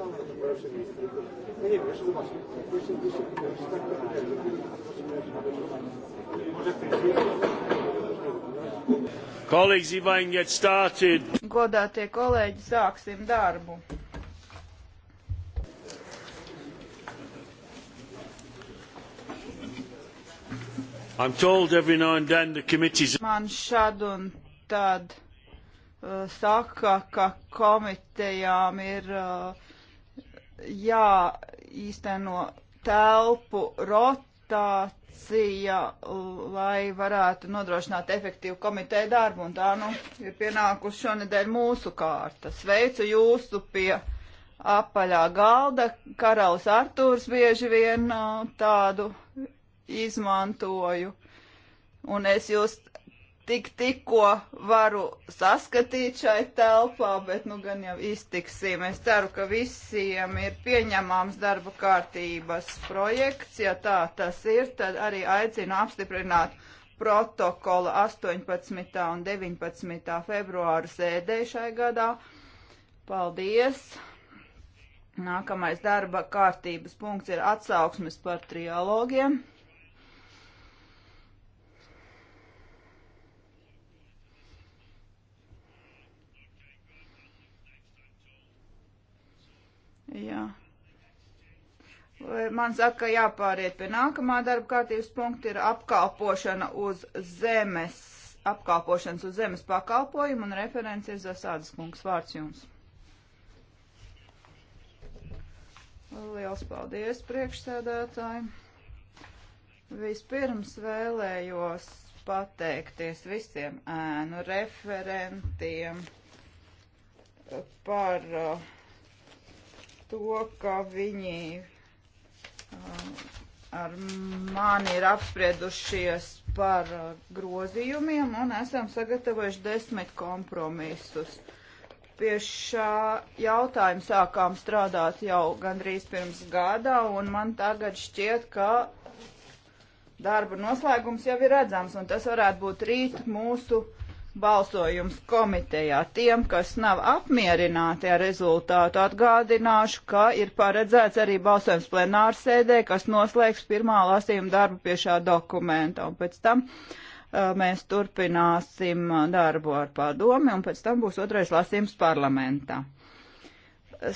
understand what the person is thinking. Понимаешь, у вас очень высокий Kolēģis Ivaini, get started. Godātie kolēģi, sāksim darbu. I'm told every now and then the committees... Man šad un tad uh, saka, ka komitejām ir uh, jāīsteno telpu rotācija, lai varētu nodrošināt efektīvu komiteju darbu, un tā, nu, ir pienākusi šonedēļ mūsu kārta. Sveicu jūsu pie apaļā galda, karalis Artūrs bieži vien tādu izmantoju, un es jūs tik tikko varu saskatīt šai telpā, bet nu gan jau iztiksim. Es ceru, ka visiem ir pieņemams darba kārtības projekts. Ja tā tas ir, tad arī aicinu apstiprināt protokola 18. un 19. februāra sēdē šai gadā. Paldies! Nākamais darba kārtības punkts ir atsauksmes par trialogiem. Jā. Man saka, ka jāpāriet pie nākamā darba kārtības punkta ir apkalpošana uz zemes, apkalpošanas uz zemes pakalpojumu un referents ir Zasādas kungs vārds jums. Liels paldies priekšsēdētāji. Vispirms vēlējos pateikties visiem ēnu referentiem par uh, to, ka viņi uh, ar mani ir apspriedušies par uh, grozījumiem un esam sagatavojuši desmit kompromisus. Pie šā jautājuma sākām strādāt jau gandrīz pirms gada, un man tagad šķiet, ka darba noslēgums jau ir redzams, un tas varētu būt rīt mūsu balsojums komitejā. Tiem, kas nav apmierināti ar rezultātu, atgādināšu, ka ir paredzēts arī balsojums plenārsēdē, kas noslēgs pirmā lasījuma darbu pie šā dokumenta. Un pēc tam uh, mēs turpināsim uh, darbu ar padomi, un pēc tam būs otrais lasījums parlamentā.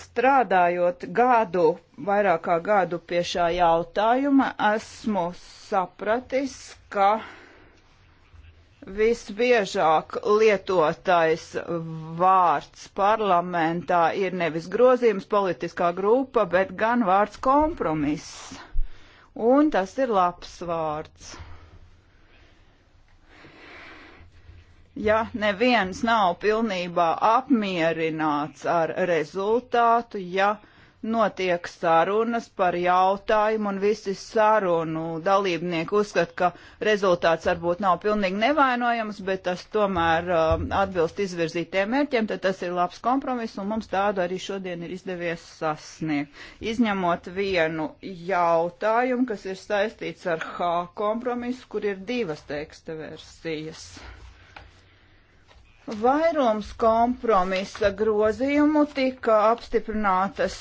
Strādājot gadu, vairāk kā gadu pie šā jautājuma, esmu sapratis, ka uh, Visbiežāk lietotais vārds parlamentā ir nevis grozījums politiskā grupa, bet gan vārds kompromiss. Un tas ir labs vārds. Ja neviens nav pilnībā apmierināts ar rezultātu, ja neviens notiek sarunas par jautājumu, un visi sarunu dalībnieki uzskata, ka rezultāts varbūt nav pilnīgi nevainojams, bet tas tomēr uh, atbilst izvirzītiem mērķiem, tad tas ir labs kompromiss, un mums tādu arī šodien ir izdevies sasniegt. Izņemot vienu jautājumu, kas ir saistīts ar H kompromisu, kur ir divas teksta versijas. Vairums kompromisa grozījumu tika apstiprinātas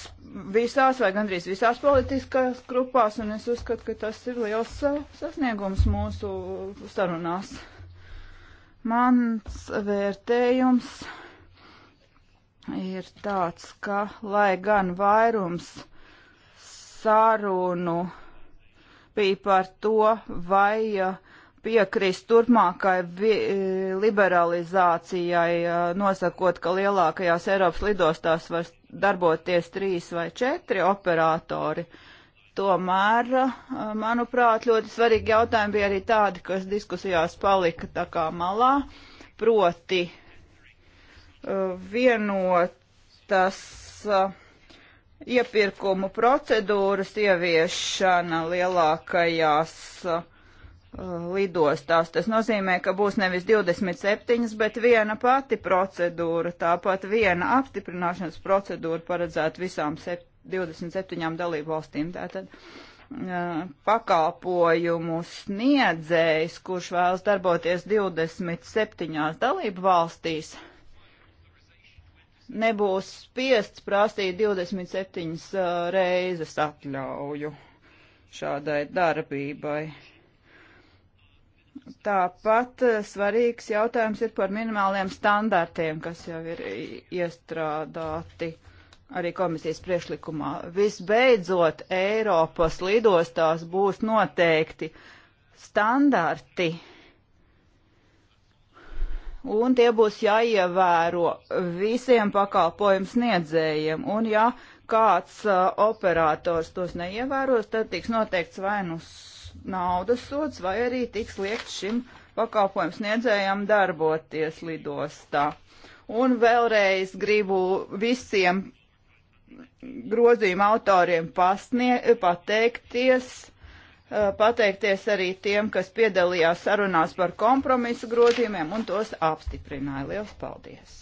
visās vai gandrīz visās politiskās grupās, un es uzskatu, ka tas ir liels sasniegums mūsu sarunās. Mans vērtējums ir tāds, ka lai gan vairums sarunu bija par to, vai uh, piekrist turpmākai e, liberalizācijai, e, nosakot, ka lielākajās Eiropas lidostās var darboties trīs vai četri operatori. Tomēr, e, manuprāt, ļoti svarīgi jautājumi bija arī tādi, kas diskusijās palika tā kā malā, proti vienotas iepirkumu procedūras ieviešana lielākajās uh, lidostās. Tas nozīmē, ka būs nevis 27, bet viena pati procedūra, tāpat viena apstiprināšanas procedūra paredzēta visām 27 dalību valstīm. Tātad pakalpojumu sniedzējs, kurš vēlas darboties 27 dalību valstīs, nebūs spiests prasīt 27 reizes atļauju šādai darbībai Tāpat eh, svarīgs jautājums ir par minimāliem standartiem, kas jau ir iestrādāti arī komisijas priešlikumā. Visbeidzot, Eiropas lidostās būs noteikti standarti, un tie būs jāievēro visiem pakalpojumu sniedzējiem, un ja kāds uh, operators tos neievēros, tad tiks noteikts vainus naudas sots, vai arī tiks liekt šim pakalpojums sniedzējam darboties lidostā. Un vēlreiz gribu visiem grozījuma autoriem pasnie, pateikties, pateikties arī tiem, kas piedalījās sarunās par kompromisu grozījumiem un tos apstiprināja. Lielas paldies!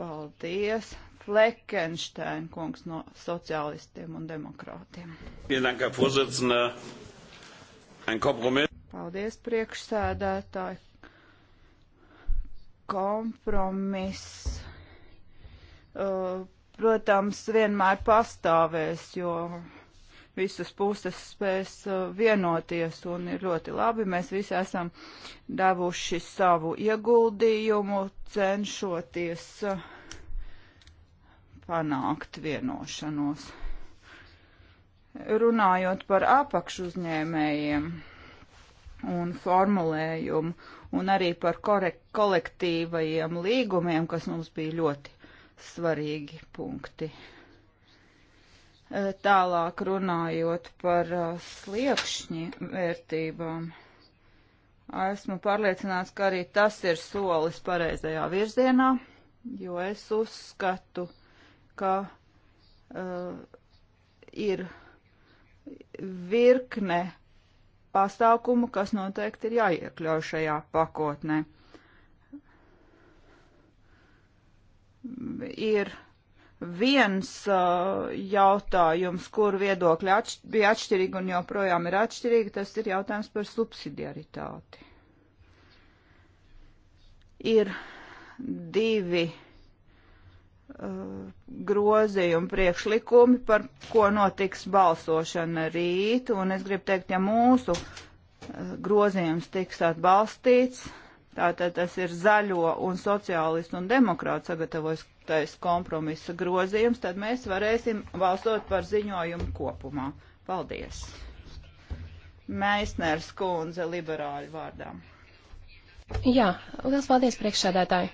Paldies! Fleckenstein kungs no sociālistiem un demokrātiem. Paldies, priekšsēdētāji. Kompromiss. Uh, protams, vienmēr pastāvēs, jo visas puses spēs uh, vienoties un ir ļoti labi. Mēs visi esam devuši savu ieguldījumu, cenšoties uh, panākt vienošanos. Runājot par apakšuzņēmējiem un formulējumu, un arī par kolektīvajiem līgumiem, kas mums bija ļoti svarīgi punkti. Tālāk runājot par uh, sliekšņi vērtībām, esmu pārliecināts, ka arī tas ir solis pareizajā virzienā, jo es uzskatu, ka uh, ir virkne pasākumu, kas noteikti ir jāiekļauj šajā pakotnē. Ir viens uh, jautājums, kur viedokļi atš bija atšķirīgi un joprojām ir atšķirīgi, tas ir jautājums par subsidiaritāti. Ir divi grozījumi priekšlikumi, par ko notiks balsošana rīt, un es gribu teikt, ja mūsu eh, grozījums tiks atbalstīts, tātad tas ir zaļo un sociālistu un demokrātu sagatavotais kompromisa grozījums, tad mēs varēsim balsot par ziņojumu kopumā. Paldies! Meisners kundze liberāļu vārdā. Jā, liels paldies priekšsēdētāji!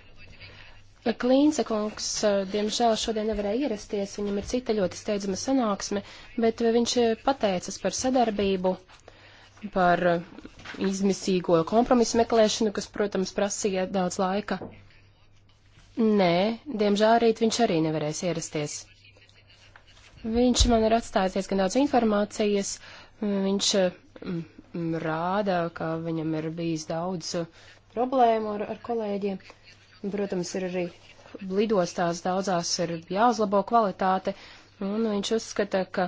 Klīnce kungs, eh, diemžēl, šodien nevarēja ierasties, viņam ir cita ļoti steidzama sanāksme, bet eh, viņš eh, pateicas par sadarbību, par izmisīgo kompromisu meklēšanu, kas, protams, prasīja daudz laika. Nē, diemžēl rīt viņš arī nevarēs ierasties. Viņš man ir atstājis diezgan daudz informācijas, viņš rāda, ka viņam ir bijis daudz problēmu ar, ar kolēģiem. Protams, ir arī lidostās daudzās ir jāuzlabo kvalitāte, un viņš uzskata, ka,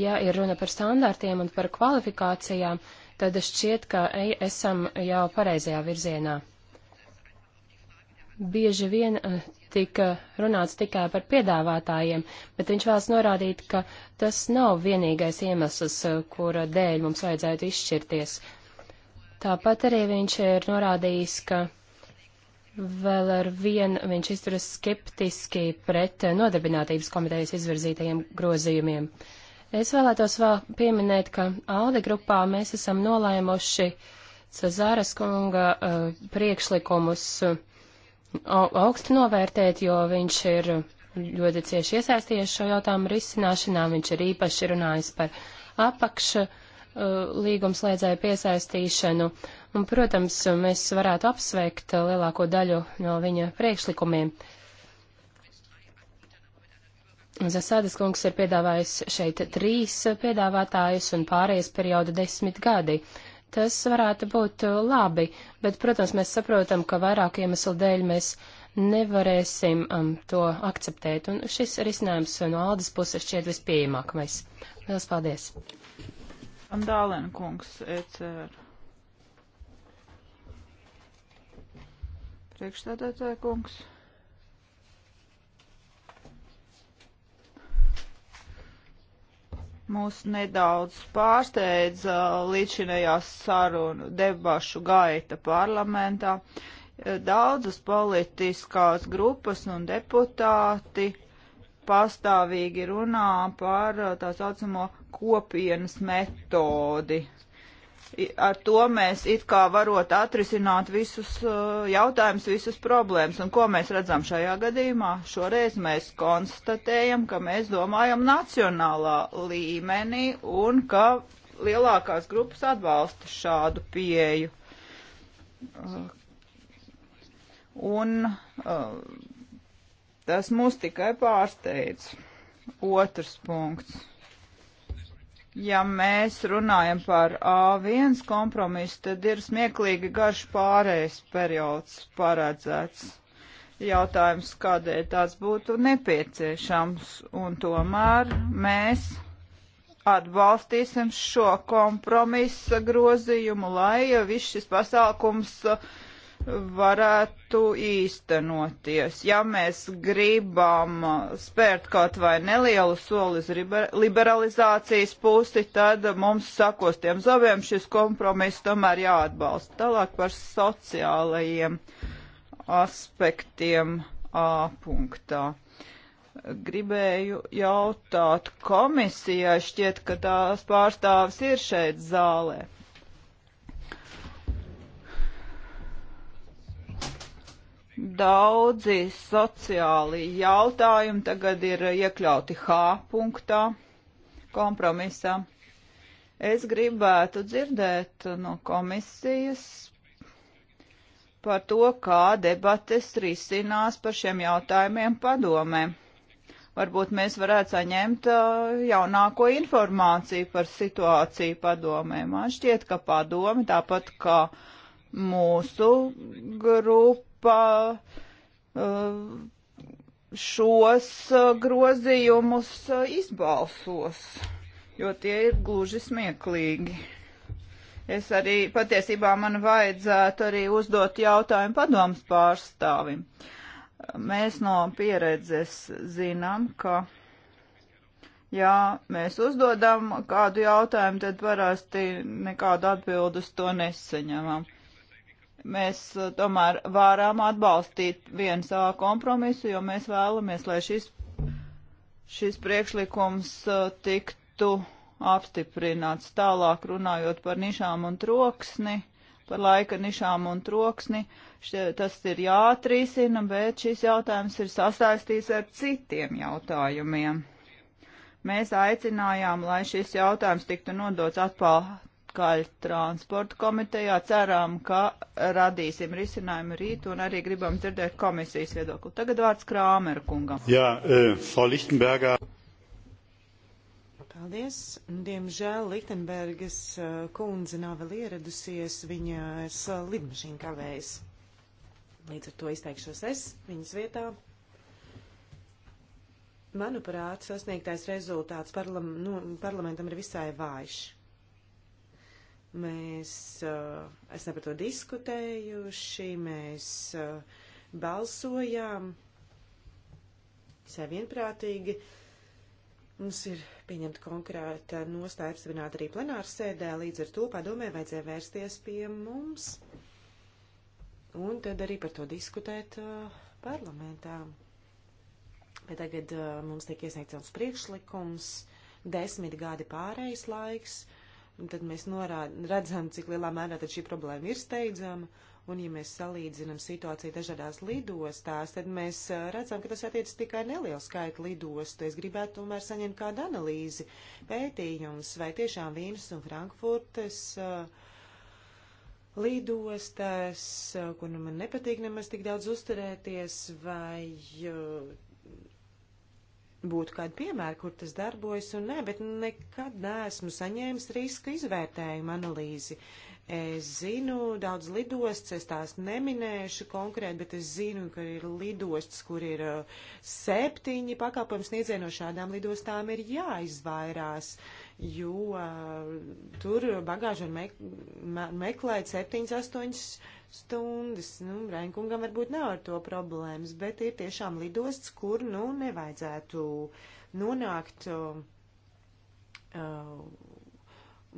ja ir runa par standartiem un par kvalifikācijām, tad šķiet, ka esam jau pareizajā virzienā. Bieži vien eh, tika runāts tikai par piedāvātājiem, bet viņš vēlas norādīt, ka tas nav vienīgais iemesls, eh, kura dēļ mums vajadzētu izšķirties. Tāpat arī viņš ir norādījis, ka Vēl ar vienu viņš izturas skeptiski pret nodarbinātības komitejas izvirzītajiem grozījumiem. Es vēlētos vēl pieminēt, ka ALDE grupā mēs esam nolēmuši Cezāras kunga uh, priekšlikumus uh, augstu novērtēt, jo viņš ir ļoti cieši iesaistījies šo jautājumu risināšanā, viņš ir īpaši runājis par apakšu Uh, līgumslēdzēju piesaistīšanu. Un, protams, mēs varētu apsveikt lielāko daļu no viņa priekšlikumiem. Zasādas kungs ir piedāvājis šeit trīs piedāvātājus un pārējais perioda desmit gadi. Tas varētu būt labi, bet, protams, mēs saprotam, ka vairāku iemeslu dēļ mēs nevarēsim um, to akceptēt. Un šis risinājums no Aldas puses šķiet vispieejamākais. Lielas paldies! Vandālēna kungs, ECR. Priekšstādātāja kungs. Mūs nedaudz pārsteidza līdzinējās sarunu debašu gaita parlamentā. Daudzas politiskās grupas un deputāti pastāvīgi runā par uh, tā saucamo kopienas metodi. Ar to mēs it kā varot atrisināt visus uh, jautājumus, visas problēmas. Un ko mēs redzam šajā gadījumā? Šoreiz mēs konstatējam, ka mēs domājam nacionālā līmenī un ka lielākās grupas atbalsta šādu pieeju. Uh, un uh, Tas mūs tikai pārsteidz. Otrs punkts. Ja mēs runājam par A1 kompromisu, tad ir smieklīgi garš pārējais periods paredzēts. Jautājums, kādēļ tāds būtu nepieciešams, un tomēr mēs atbalstīsim šo kompromisa grozījumu, lai viss šis pasākums uh, varētu īstenoties. Ja mēs gribam spērt kaut vai nelielu soli uz liberalizācijas pusi, tad mums sakos tiem zaviem šis kompromiss tomēr jāatbalsta. Tālāk par sociālajiem aspektiem A punktā. Gribēju jautāt komisijai, šķiet, ka tās pārstāvis ir šeit zālē. daudzi sociāli jautājumi tagad ir iekļauti H punktā kompromisā. Es gribētu dzirdēt no komisijas par to, kā debates risinās par šiem jautājumiem padomē. Varbūt mēs varētu saņemt jaunāko informāciju par situāciju padomē. Man šķiet, ka padomi tāpat kā mūsu grupa pa uh, šos uh, grozījumus uh, izbalsos, jo tie ir gluži smieklīgi. Es arī patiesībā man vajadzētu arī uzdot jautājumu padoms pārstāvim. Mēs no pieredzes zinām, ka, ja mēs uzdodam kādu jautājumu, tad parasti nekādu atbildus to nesaņemam mēs eh, tomēr varam atbalstīt vienu savā kompromisu, jo mēs vēlamies, lai šis, šis priekšlikums eh, tiktu apstiprināts. Tālāk runājot par nišām un troksni, par laika nišām un troksni, šie, tas ir jāatrisina, bet šis jautājums ir sasaistīts ar citiem jautājumiem. Mēs aicinājām, lai šis jautājums tiktu nodots atpakaļ atpakaļ transporta komitejā. Ceram, ka radīsim risinājumu rīt un arī gribam dzirdēt komisijas viedokli. Tagad vārds Krāmera kungam. Jā, uh, Frau Lichtenberger. Paldies. Diemžēl Lichtenbergas e, kundze nav vēl ieradusies, viņa ir lidmašīna kavējas. Līdz ar to izteikšos es viņas vietā. Manuprāt, sasniegtais rezultāts parlam, nu, parlamentam ir visai vājš. Mēs eh, esam par to diskutējuši, mēs eh, balsojām visai vienprātīgi. Mums ir pieņemta konkrēta nostāja apstiprināta arī plenāra sēdē, līdz ar to padomē vajadzēja vērsties pie mums un tad arī par to diskutēt uh, parlamentā. Bet tagad uh, mums tiek iesniegts jauns priekšlikums, desmit gadi pārējais laiks, Un tad mēs norād, redzam, cik lielā mērā šī problēma ir steidzama. Un, ja mēs salīdzinām situāciju dažādās lidostās, tad mēs redzam, ka tas attiec tikai nelielu skaitu lidostu. Es gribētu tomēr saņemt kādu analīzi, pētījums, vai tiešām Vīnas un Frankfurtes lidostas, kur nu man nepatīk nemaz tik daudz uzturēties, vai būtu kādi piemēri, kur tas darbojas un nē, bet nekad neesmu saņēmis riska izvērtējumu analīzi. Es zinu daudz lidostas, es tās neminēšu konkrēti, bet es zinu, ka ir lidostas, kur ir uh, septiņi pakalpojums sniedzēji no šādām lidostām ir jāizvairās, jo uh, tur bagāžu me me meklēt septiņas, astoņas stundas. Nu, Rainkungam varbūt nav ar to problēmas, bet ir tiešām lidosts, kur, nu, nevajadzētu nonākt uh,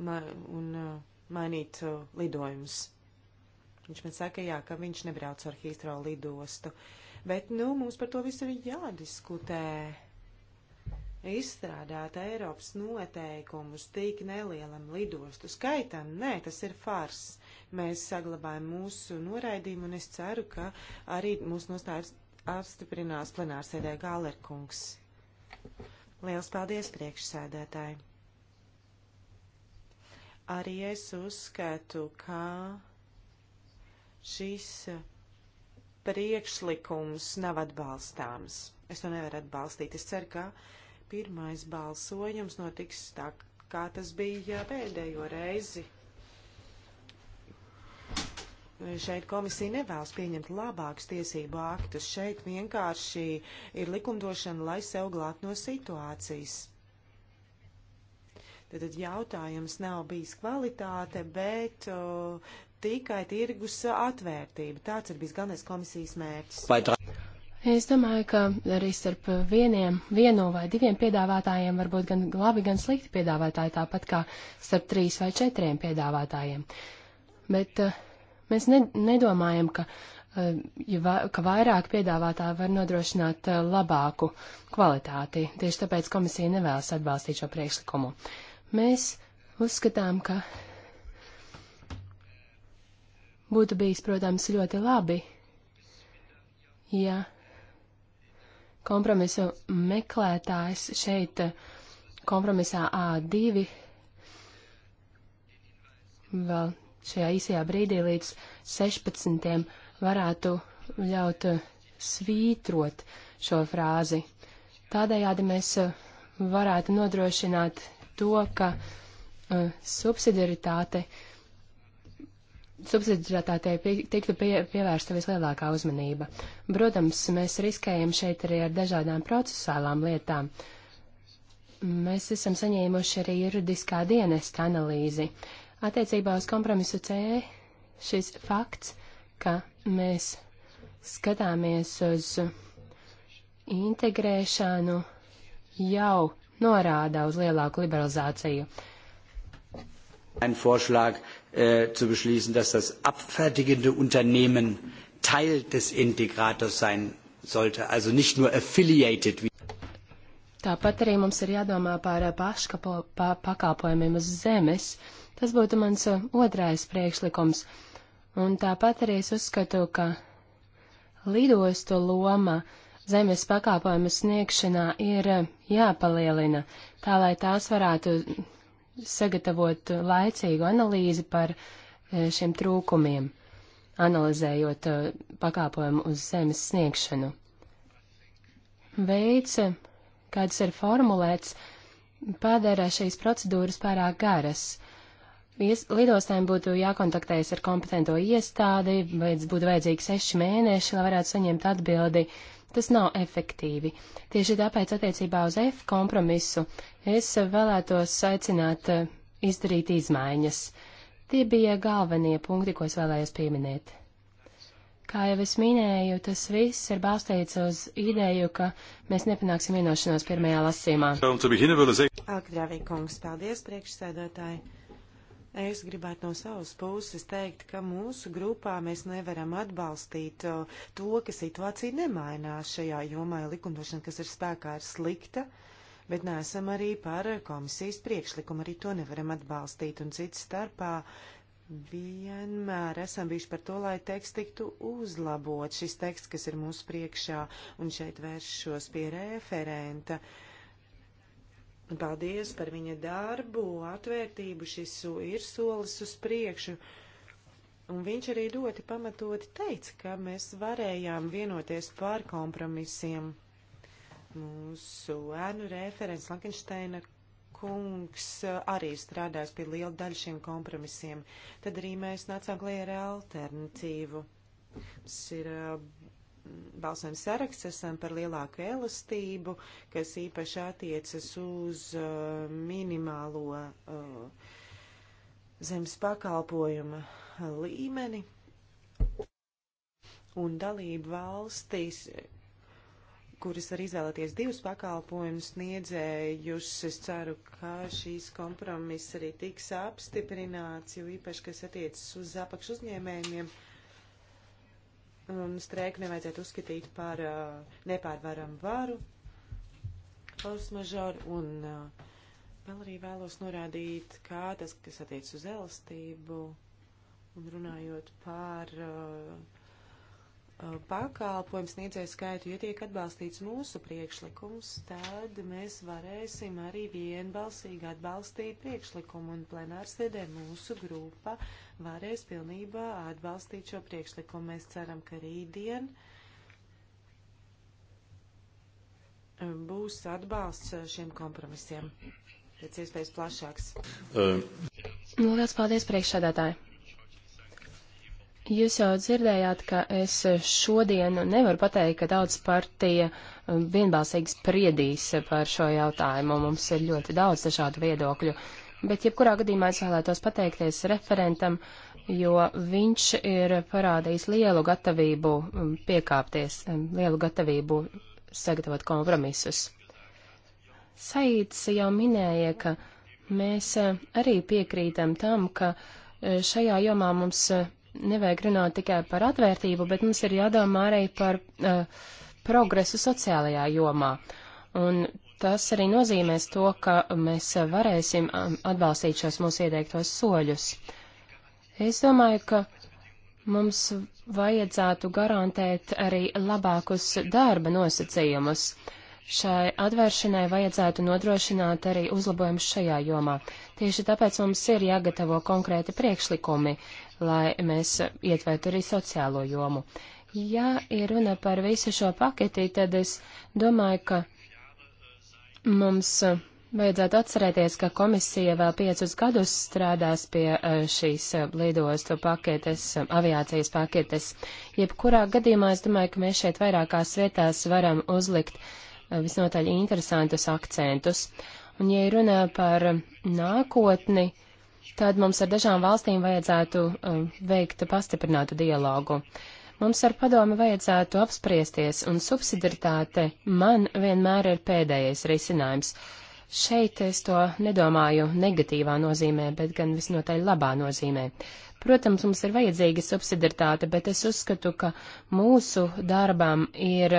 ma un uh, mainīt uh, lidojumus. Viņš man saka, jā, ka viņš nebrauc ar Hīstro lidostu, bet, nu, mums par to visu ir jādiskutē izstrādāt Eiropas noteikumus tik nelielam lidostu skaitam, nē, tas ir fars. Mēs saglabājam mūsu noraidījumu, un es ceru, ka arī mūsu nostājas apstiprinās plenārsēdē Gālerkungs. Liels paldies, priekšsēdētāji! Arī es uzskatu, ka šis priekšlikums nav atbalstāms. Es to nevaru atbalstīt. Es ceru, ka pirmais balsojums notiks tā, kā tas bija pēdējo reizi Šeit komisija nevēlas pieņemt labākus tiesību aktus. Šeit vienkārši ir likumdošana, lai sev glābt no situācijas. Tad jautājums nav bijis kvalitāte, bet o, tikai tirgus atvērtība. Tāds ir bijis galvenais komisijas mērķis. Es domāju, ka arī starp vieniem, vienu vai diviem piedāvātājiem var būt gan labi, gan slikti piedāvātāji, tāpat kā starp trīs vai četriem piedāvātājiem. Bet uh, Mēs ne, nedomājam, ka, eh, ja va, ka vairāk piedāvātā var nodrošināt eh, labāku kvalitāti. Tieši tāpēc komisija nevēlas atbalstīt šo priekšlikumu. Mēs uzskatām, ka būtu bijis, protams, ļoti labi, ja kompromisu meklētājs šeit eh, kompromisā A2 vēl šajā īsajā brīdī līdz 16. varētu ļaut eh, svītrot šo frāzi. Tādējādi mēs eh, varētu nodrošināt to, ka uh, subsidiaritāte, subsidiaritātei pie, tiktu pie, pievērsta vislielākā uzmanība. Protams, mēs riskējam šeit arī ar dažādām procesuālām lietām. Mēs esam saņēmuši arī juridiskā dienesta analīzi. Attiecībā uz kompromisu C šis fakts, ka mēs skatāmies uz integrēšanu, jau norāda uz lielāku liberalizāciju. Ein Vorschlag äh, zu beschließen, dass das abfertigende Unternehmen Teil des Integrators sein sollte, also nicht nur affiliated. Tāpat arī mums ir jādomā par äh, paškapo, pa, pakalpojumiem uz zemes. Uh, Tas būtu mans uh, otrais priekšlikums. Un tāpat arī es uzskatu, ka lidostu loma zemes pakāpojumu sniegšanā ir uh, jāpalielina, tā lai tās varētu sagatavot laicīgu analīzi par uh, šiem trūkumiem, analizējot pakāpojumu uz zemes sniegšanu. Veids, kāds ir formulēts, padara šīs procedūras pārāk garas. Lidostājiem būtu jākontaktējas ar kompetento iestādi, vajadz būtu vajadzīgi seši mēneši, lai varētu saņemt atbildi. Tas nav efektīvi. Tieši tāpēc attiecībā uz F kompromisu es vēlētos aicināt eh, izdarīt izmaiņas. Tie bija galvenie punkti, ko es vēlējos pieminēt. Kā jau es minēju, tas viss ir balstīts uz ideju, ka mēs nepanāksim vienošanos pirmajā lasīmā. Agdravī kungs, paldies priekšsēdētāji. Es gribētu no savas puses teikt, ka mūsu grupā mēs nevaram atbalstīt uh, to, ka situācija nemainās šajā jomā. Likumdošana, kas ir spēkā, ir slikta, bet neesam arī par komisijas priekšlikumu. Arī to nevaram atbalstīt. Un cits starpā vienmēr esam bijuši par to, lai teksts tiktu uzlabot. Šis teksts, kas ir mūsu priekšā, un šeit vēršos pie referenta. Uh, Un paldies par viņa darbu, atvērtību, šis ir solis uz priekšu. Un viņš arī ļoti pamatoti teica, ka mēs varējām vienoties par kompromisiem. Mūsu ēnu referents Lankensteina kungs uh, arī strādājis pie liela daļa šiem kompromisiem. Tad arī mēs nācām klajā ar alternatīvu. Mums ir uh, balsojuma saraksts esam par lielāku elastību, kas īpaši attiecas uz uh, minimālo uh, zemes pakalpojuma līmeni un dalību valstīs kuras var izvēlēties divus pakalpojumus sniedzējus. Es ceru, ka šīs kompromiss arī tiks apstiprināts, jo īpaši, kas attiecas uz apakšu uzņēmējumiem, uh, um, streiku nevajadzētu uzskatīt par uh, nepārvaramu varu, force majeure, un uh, vēl arī vēlos norādīt, kā tas, kas attiec uz elastību, un runājot par uh, uh, pakalpojumu sniedzēju skaitu, ja tiek atbalstīts mūsu priekšlikums, tad mēs varēsim arī vienbalsīgi atbalstīt priekšlikumu, un plenārsēdē mūsu grupa uh, varēs pilnībā atbalstīt šo priekšlikumu. Mēs ceram, ka rītdien eh, būs atbalsts eh, šiem kompromisiem. Pēc iespējas plašāks. Um. Nu, liels paldies priekšsēdētāji. Jūs jau dzirdējāt, ka es šodien nevaru pateikt, ka daudz partija vienbalsīgi spriedīs par šo jautājumu. Mums ir ļoti daudz dažādu viedokļu. Uh, Bet jebkurā gadījumā es vēlētos pateikties referentam, jo viņš ir parādījis lielu gatavību um, piekāpties, um, lielu gatavību sagatavot kompromisus. Saīts jau minēja, ka mēs uh, arī piekrītam tam, ka uh, šajā jomā mums uh, nevajag runāt tikai par atvērtību, bet mums ir jādomā arī par uh, progresu sociālajā jomā. Un Tas arī nozīmēs to, ka mēs varēsim um, atbalstīt šos mūsu ieteiktos soļus. Es domāju, ka mums vajadzētu garantēt arī labākus darba nosacījumus. Šai atvēršanai vajadzētu nodrošināt arī uzlabojumus šajā jomā. Tieši tāpēc mums ir jāgatavo konkrēti priekšlikumi, lai mēs ietvērtu arī sociālo jomu. Ja ir runa par visu šo paketī, tad es domāju, ka Mums eh, vajadzētu atcerēties, ka komisija vēl piecus gadus strādās pie eh, šīs eh, lidostu paketes, aviācijas paketes. Jebkurā gadījumā es domāju, ka mēs šeit vairākās vietās varam uzlikt visnotaļ interesantus akcentus. Un, ja runā par nākotni, tad mums ar dažām valstīm vajadzētu veikt pastiprinātu dialogu. Uh, Mums ar padomi vajadzētu apspriesties, un subsidiritāte man vienmēr ir pēdējais risinājums. Šeit es to nedomāju negatīvā nozīmē, bet gan visnotaļ labā nozīmē. Protams, mums ir vajadzīga subsidiritāte, bet es uzskatu, ka mūsu darbām ir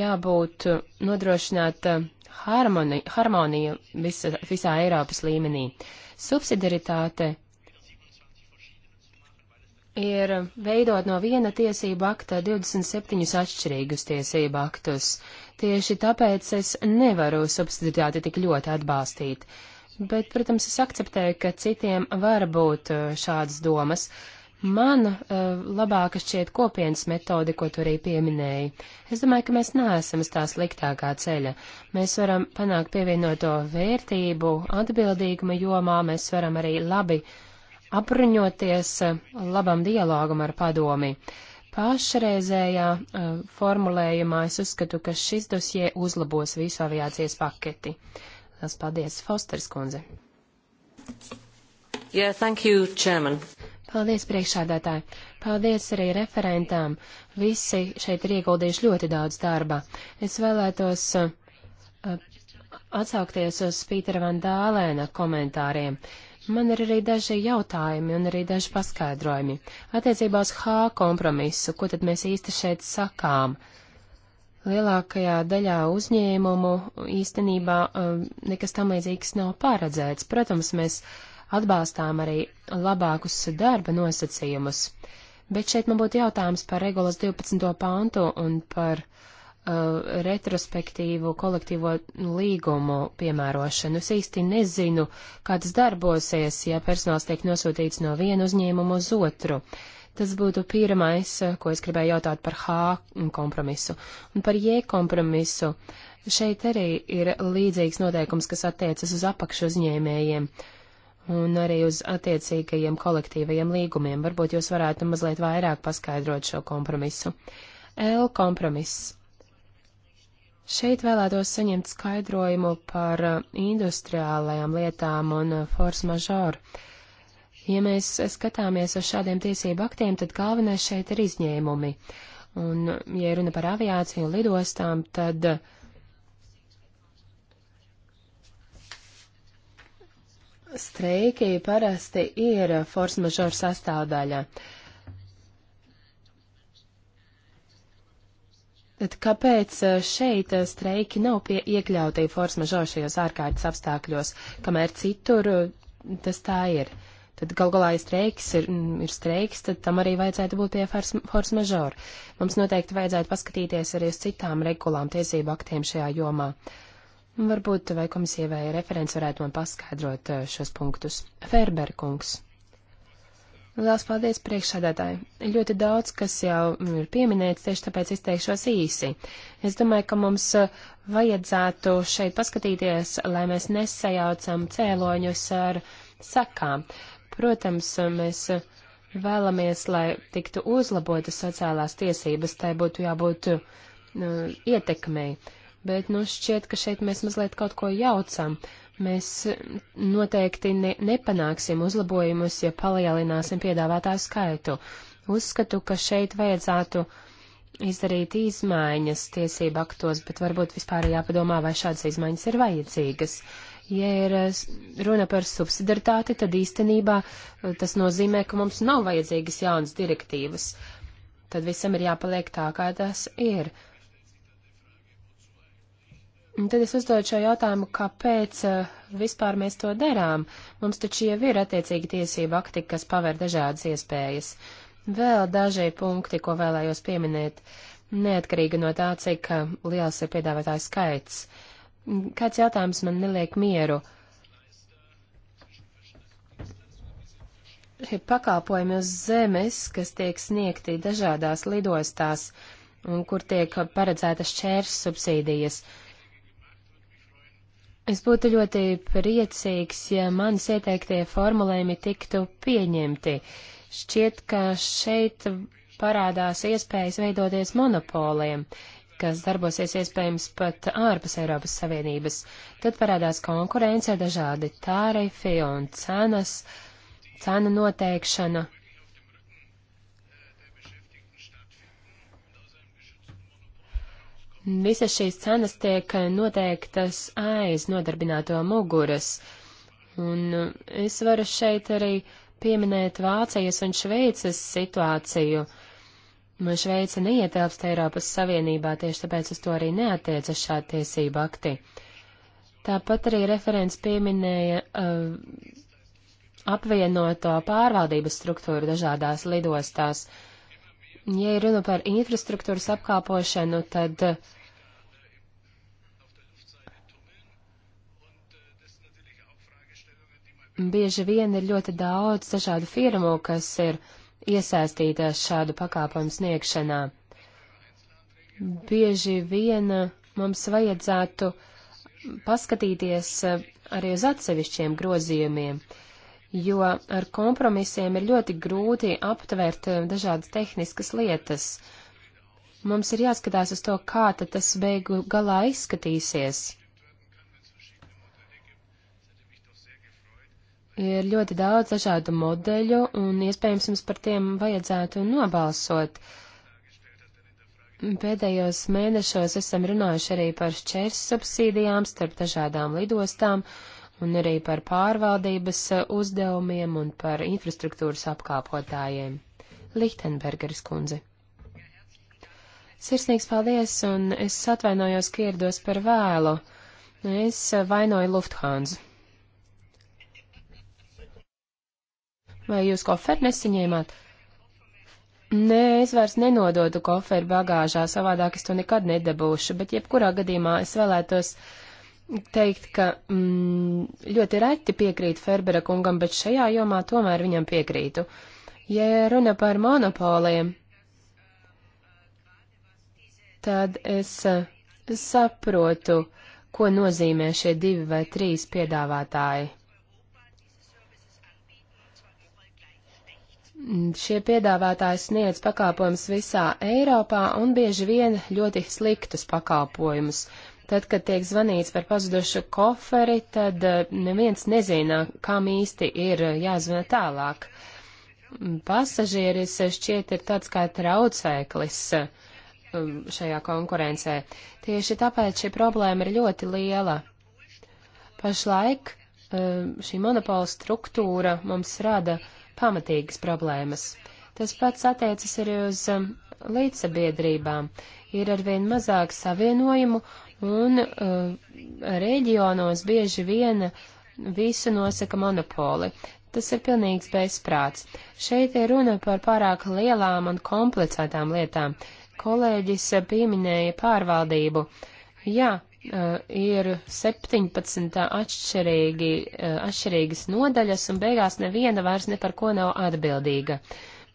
jābūt nodrošināt harmoni, harmoniju visa, visā Eiropas līmenī. Subsidiritāte ir veidot no viena tiesību akta 27 atšķirīgus tiesību aktus. Tieši tāpēc es nevaru subsidiāti tik ļoti atbalstīt. Bet, protams, es akceptēju, ka citiem var būt eh, šādas domas. Man uh, labāka šķiet kopienas metode, ko tu arī pieminēji. Es domāju, ka mēs neesam uz tā sliktākā ceļa. Mēs varam panākt pievienoto vērtību, atbildīguma jomā, mēs varam arī labi uh, apruņoties uh, labam dialogam ar padomi. Pašreizējā uh, formulējumā es uzskatu, ka šis dosie uzlabos visu aviācijas paketi. Tas paldies, Fosters kundze. Yeah, thank you, Chairman. Paldies, priekšādātāji. Paldies arī referentām. Visi šeit ir ieguldījuši ļoti daudz darba. Es vēlētos uh, uh atsaukties uz Pītera Van Dālēna komentāriem. Uh, Man ir arī daži jautājumi un arī daži paskaidrojumi. Attiecībā uz H kompromisu, ko tad mēs īsti šeit sakām? Lielākajā daļā uzņēmumu īstenībā um, nekas tam līdzīgs nav paredzēts. Protams, mēs atbalstām arī labākus darba nosacījumus. Bet šeit man būtu jautājums par regulas 12. pantu un par uh, uh, retrospektīvu kolektīvo līgumu piemērošanu. Es īsti nezinu, kā tas darbosies, ja personāls tiek nosūtīts no viena uzņēmuma uz otru. Tas būtu pirmais, uh, ko es gribēju jautāt par H kompromisu. Un par J kompromisu šeit arī ir līdzīgs noteikums, kas attiecas uz apakšu uzņēmējiem un arī uz attiecīgajiem kolektīvajiem līgumiem. Varbūt jūs varētu mazliet vairāk paskaidrot šo kompromisu. L kompromiss. Šeit vēlētos saņemt skaidrojumu par uh, industriālajām lietām un uh, force majeure. Ja mēs skatāmies uz šādiem tiesību aktiem, tad galvenais šeit ir izņēmumi. Un, uh, ja runa par aviāciju un lidostām, tad streiki parasti ir force majeure sastāvdaļa. Uh, Tad kāpēc eh, šeit eh, streiki nav pie iekļauti force majeure šajos ārkārtas apstākļos, kamēr citur eh, tas tā ir? Tad gal galā, ja streiks ir, mm, ir streiks, tad tam arī vajadzētu būt pie force majeure. Mums noteikti vajadzētu paskatīties arī uz citām regulām tiesību aktiem šajā jomā. Varbūt vai komisija vai referents varētu man paskaidrot šos punktus. Ferberkungs. Lielas paldies priekšsādātāji. Ļoti daudz, kas jau ir pieminēts, tieši tāpēc izteikšos īsi. Es domāju, ka mums uh, vajadzētu šeit paskatīties, lai mēs nesajaucam cēloņus ar sakām. Protams, uh, mēs uh, vēlamies, lai tiktu uzlabotas sociālās tiesības, tai būtu jābūt nu, ietekmei. Bet, nu, šķiet, ka šeit mēs mazliet kaut ko jaucam. Uh, Mēs noteikti ne, nepanāksim uzlabojumus, ja palielināsim piedāvātā skaitu. Uzskatu, ka šeit vajadzētu izdarīt izmaiņas tiesību aktos, bet varbūt vispār jāpadomā, vai šādas izmaiņas ir vajadzīgas. Ja ir eh, runa par subsidaritāti, tad īstenībā eh, tas nozīmē, ka mums nav vajadzīgas jaunas direktīvas. Tad visam ir jāpaliek tā, kā tas ir. Uh, Un tad es uzdodu šo jautājumu, kāpēc uh, vispār mēs to darām. Mums taču jau ir attiecīgi tiesība akti, kas paver dažādas iespējas. Vēl daži punkti, ko vēlējos pieminēt, neatkarīgi no tā, cik uh, liels ir piedāvātājs skaits. Kāds jautājums man neliek mieru? Šie pakalpojumi uz zemes, kas tiek sniegti dažādās lidostās un kur tiek paredzētas čērs subsīdijas. Uh, Es būtu ļoti priecīgs, ja manis ieteiktie formulējumi tiktu pieņemti. Šķiet, ka šeit parādās iespējas veidoties monopoliem, kas darbosies iespējams pat ārpus Eiropas Savienības. Tad parādās konkurence, dažādi tarifi un cenas, cena noteikšana. Visas šīs cenas tiek noteiktas aiz nodarbināto muguras, un uh, es varu šeit arī pieminēt Vācijas un Šveices situāciju. Nu, Šveice neietelpst Eiropas Savienībā, tieši tāpēc uz to arī neatiecas šādi tiesību akti. Tāpat arī referents pieminēja uh, apvienoto pārvaldības struktūru dažādās lidostās. Uh, Ja ir runa par infrastruktūras apkāpošanu, tad mm, bieži vien ir ļoti daudz dažādu firmu, kas ir iesaistītās šādu pakāpojumu sniegšanā. Bieži vien mm, mums vajadzētu paskatīties mm, arī uz atsevišķiem grozījumiem. Uh, jo ar kompromisiem ir ļoti grūti aptvert eh, dažādas tehniskas lietas. Mums ir jāskatās uz to, kā tad tas beigu galā izskatīsies. Ir ļoti daudz dažādu modeļu, un iespējams jums par tiem vajadzētu nobalsot. Pēdējos mēnešos esam runājuši arī par šķērs subsīdijām starp dažādām lidostām, uh, un arī par pārvaldības eh, uzdevumiem un par infrastruktūras apkāpotājiem. Lichtenbergeris kundze. Sirsnīgs paldies, un es atvainojos, ka ierados par vēlu. Es eh, vainoju Lufthansa. Vai jūs koferu nesaņēmāt? Nē, es vairs nenododu koferu bagāžā, savādāk es to nekad nedabūšu, bet jebkurā gadījumā es vēlētos uh, teikt, ka mm, ļoti reti piekrīt Ferbera kungam, bet šajā jomā tomēr viņam piekrītu. Ja runa par monopoliem, tad es eh, saprotu, ko nozīmē šie divi vai trīs piedāvātāji. Šie piedāvātāji sniedz pakalpojumus visā Eiropā un bieži vien ļoti sliktus pakalpojumus. Uh, Tad, kad tiek zvanīts par pazudušu koferi, tad eh, neviens nezina, kam īsti ir eh, jāzvana tālāk. Mm, pasažieris eh, šķiet ir tāds kā traucēklis šajā konkurencē. Tieši tāpēc šī problēma ir ļoti liela. Pašlaik šī monopola struktūra mums rada pamatīgas problēmas. Tas pats attiecas arī uz līdzsabiedrībām. Ir arvien mazāk savienojumu, un uh, reģionos bieži viena visu nosaka monopoli. Tas ir pilnīgs bezprāts. Šeit ir runa par pārāk lielām un komplicētām lietām. Kolēģis pieminēja pārvaldību. Jā, uh, ir 17 atšķirīgi, uh, atšķirīgas nodaļas, un beigās neviena vairs ne par ko nav atbildīga.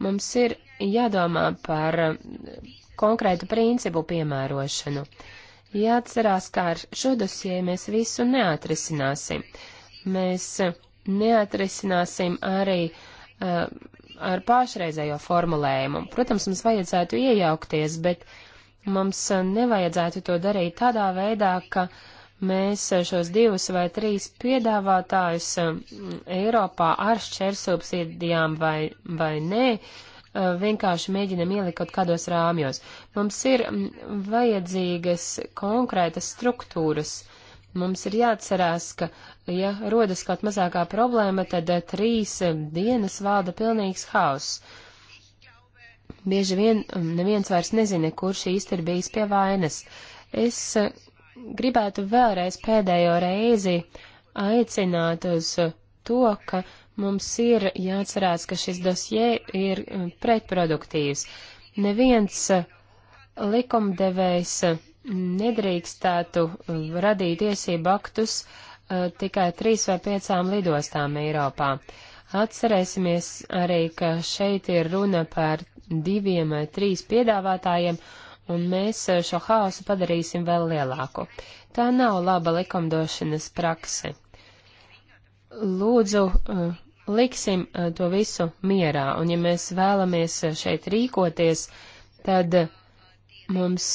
Mums ir jādomā par uh, konkrētu principu piemērošanu. Uh, Jāatcerās, kā ar šo dosiju mēs visu neatrisināsim. Mēs eh, neatrisināsim arī uh, ar pašreizējo formulējumu. Protams, mums vajadzētu iejaukties, bet mums eh, nevajadzētu to darīt tādā veidā, ka mēs šos divus vai trīs piedāvātājus Eiropā ar šķērsubsīdijām vai, vai nē, uh, Eh, vienkārši mēģinam ielikt kaut kādos rāmjos. Mums ir mm, vajadzīgas konkrētas struktūras. Mums ir jāatcerās, ka, ja rodas kaut mazākā problēma, tad eh, trīs eh, dienas valda pilnīgs hauss. Bieži vien mm, neviens vairs nezina, kurš īsti ir bijis pie vainas. Es gribētu vēlreiz pēdējo reizi aicināt uz to, ka Mums ir jāatcerās, ka šis dosie ir uh, pretproduktīvs. Neviens uh, likumdevējs uh, nedrīkstētu radīt tiesību aktus uh, tikai trīs vai piecām lidostām Eiropā. Atcerēsimies arī, ka šeit ir runa par diviem vai trīs piedāvātājiem, un mēs šo haosu padarīsim vēl lielāku. Tā nav laba likumdošanas prakse. Lūdzu, uh, liksim eh, to visu mierā, un ja mēs vēlamies eh, šeit rīkoties, tad eh, mums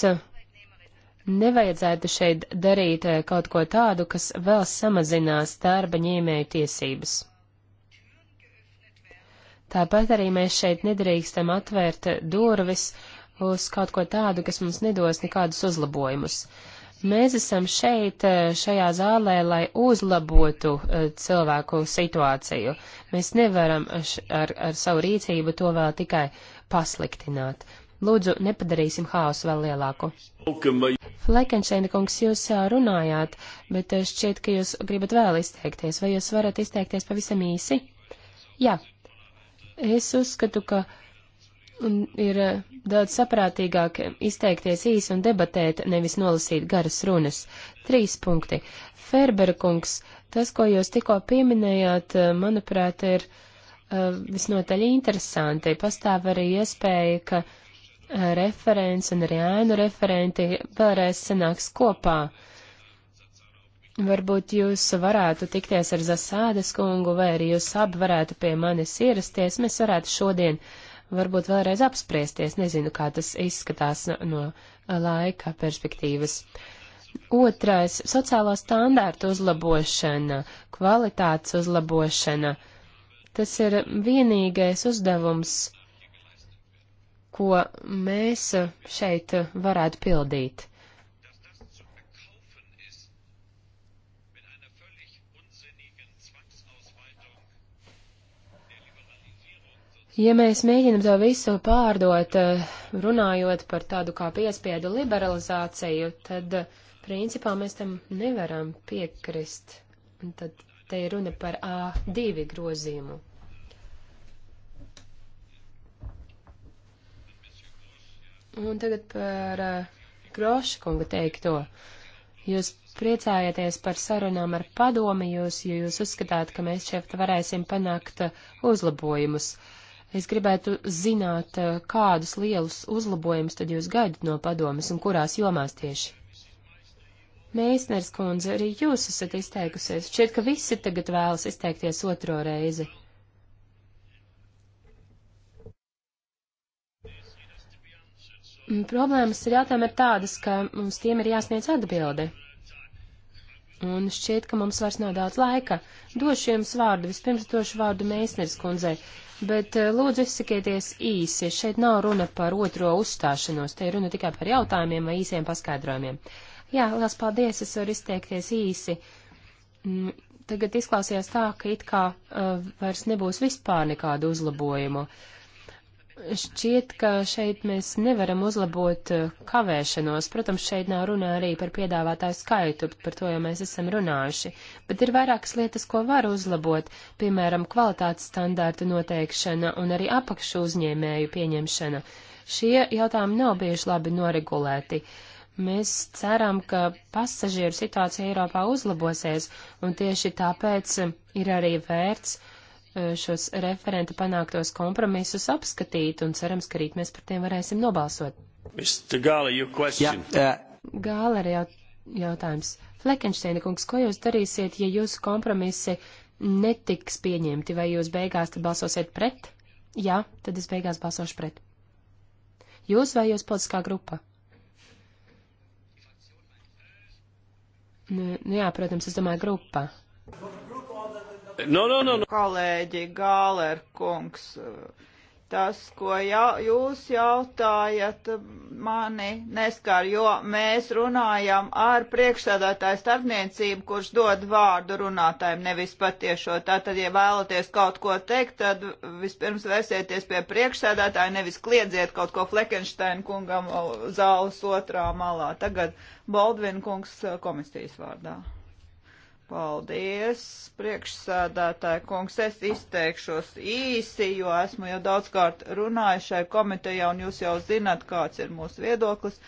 nevajadzētu šeit darīt kaut ko tādu, kas vēl samazinās darba ņēmēju tiesības. Tāpat arī mēs šeit nedrīkstam atvērt durvis uz kaut ko tādu, kas mums nedos nekādus uzlabojumus. Uh, Mēs esam šeit, eh, šajā zālē, lai uzlabotu eh, cilvēku situāciju. Mēs nevaram ar, ar savu rīcību to vēl tikai pasliktināt. Lūdzu, nepadarīsim haosu vēl lielāku. Flekenšēna kungs, jūs eh, runājāt, bet šķiet, ka jūs gribat vēl izteikties. Vai jūs varat izteikties pavisam īsi? Jā. Es uzskatu, ka un ir eh, daudz saprātīgāk izteikties īsi un debatēt, nevis nolasīt garas runas. Trīs punkti. Ferberkungs, tas, ko jūs tikko pieminējāt, eh, manuprāt, ir uh, visnotaļ interesanti. Pastāv arī iespēja, ka uh, referents un arī ēnu referenti vēlreiz sanāks kopā. Varbūt jūs varētu tikties ar Zasādes kungu, vai arī jūs abi varētu pie manis ierasties, mēs varētu šodien uh, varbūt vēlreiz apspriesties. Nezinu, kā tas izskatās no laika perspektīvas. Otrais - sociālo standārtu uzlabošana, kvalitātes uzlabošana. Tas ir vienīgais uzdevums, ko mēs šeit varētu pildīt. Ja mēs mēģinam to visu pārdot, eh, runājot par tādu kā piespiedu liberalizāciju, tad eh, principā mēs tam nevaram piekrist. Un tad te ir runa par A2 grozījumu. Un tagad par eh, Groša kunga teikto. Jūs priecājieties par sarunām ar padomi, jūs, jo jūs uzskatāt, ka mēs šeit varēsim panākt uzlabojumus. Uh, Es gribētu zināt, eh, kādus lielus uzlabojumus tad jūs gaidat no padomas un kurās jomās tieši. Meisners kundze, arī jūs esat izteikusies. Šķiet, ka visi tagad vēlas izteikties otro reizi. Mm, problēmas ar jautājumu ir tādas, ka mums tiem ir jāsniedz atbildi. Un šķiet, ka mums vairs nav daudz laika. Došu jums vārdu. Vispirms došu vārdu Meisners kundzei bet eh, lūdzu izsakieties īsi. Šeit nav runa par otro uzstāšanos, te ir runa tikai par jautājumiem vai īsiem paskaidrojumiem. Jā, liels paldies, es varu izteikties īsi. Mm, tagad izklausījās tā, ka it kā uh, vairs nebūs vispār nekādu uzlabojumu. Uh, Šķiet, ka šeit mēs nevaram uzlabot eh, kavēšanos. Protams, šeit nav runa arī par piedāvātāju skaitu, par to jau mēs esam runājuši. Bet ir vairākas lietas, ko var uzlabot, piemēram, kvalitātes standārtu noteikšana un arī apakšu uzņēmēju pieņemšana. Šie jautājumi nav bieži labi noregulēti. Mēs ceram, ka pasažieru situācija Eiropā uzlabosies, un tieši tāpēc ir arī vērts E, šos referenta panāktos kompromisus apskatīt, un cerams, ka rīt mēs par tiem varēsim nobalsot. Gāla, yeah, uh... Gāla arī jaut, jautājums. Flekenšteina kungs, ko jūs darīsiet, ja jūsu kompromisi netiks pieņemti, vai jūs beigās tad balsosiet pret? Jā, tad es beigās balsošu pret. Jūs vai jūs politiskā grupa? Nu, nu jā, protams, es domāju grupa. No, no, no, no. Kolēģi Gāler kungs, tas, ko jau, jūs jautājat, mani neskar, jo mēs runājam ar priekšsēdētāju starpniecību, kurš dod vārdu runātājiem, nevis patiešo. Tātad, ja vēlaties kaut ko teikt, tad vispirms vērsieties pie priekšsēdētāja, nevis kliedziet kaut ko Fleckensteina kungam zāles otrā malā. Tagad Baldvin kungs komisijas vārdā. Paldies, priekšsēdētāji kungs. Es izteikšos īsi, jo esmu jau daudzkārt runājis šai komitejā, un jūs jau zināt, kāds ir mūsu viedoklis.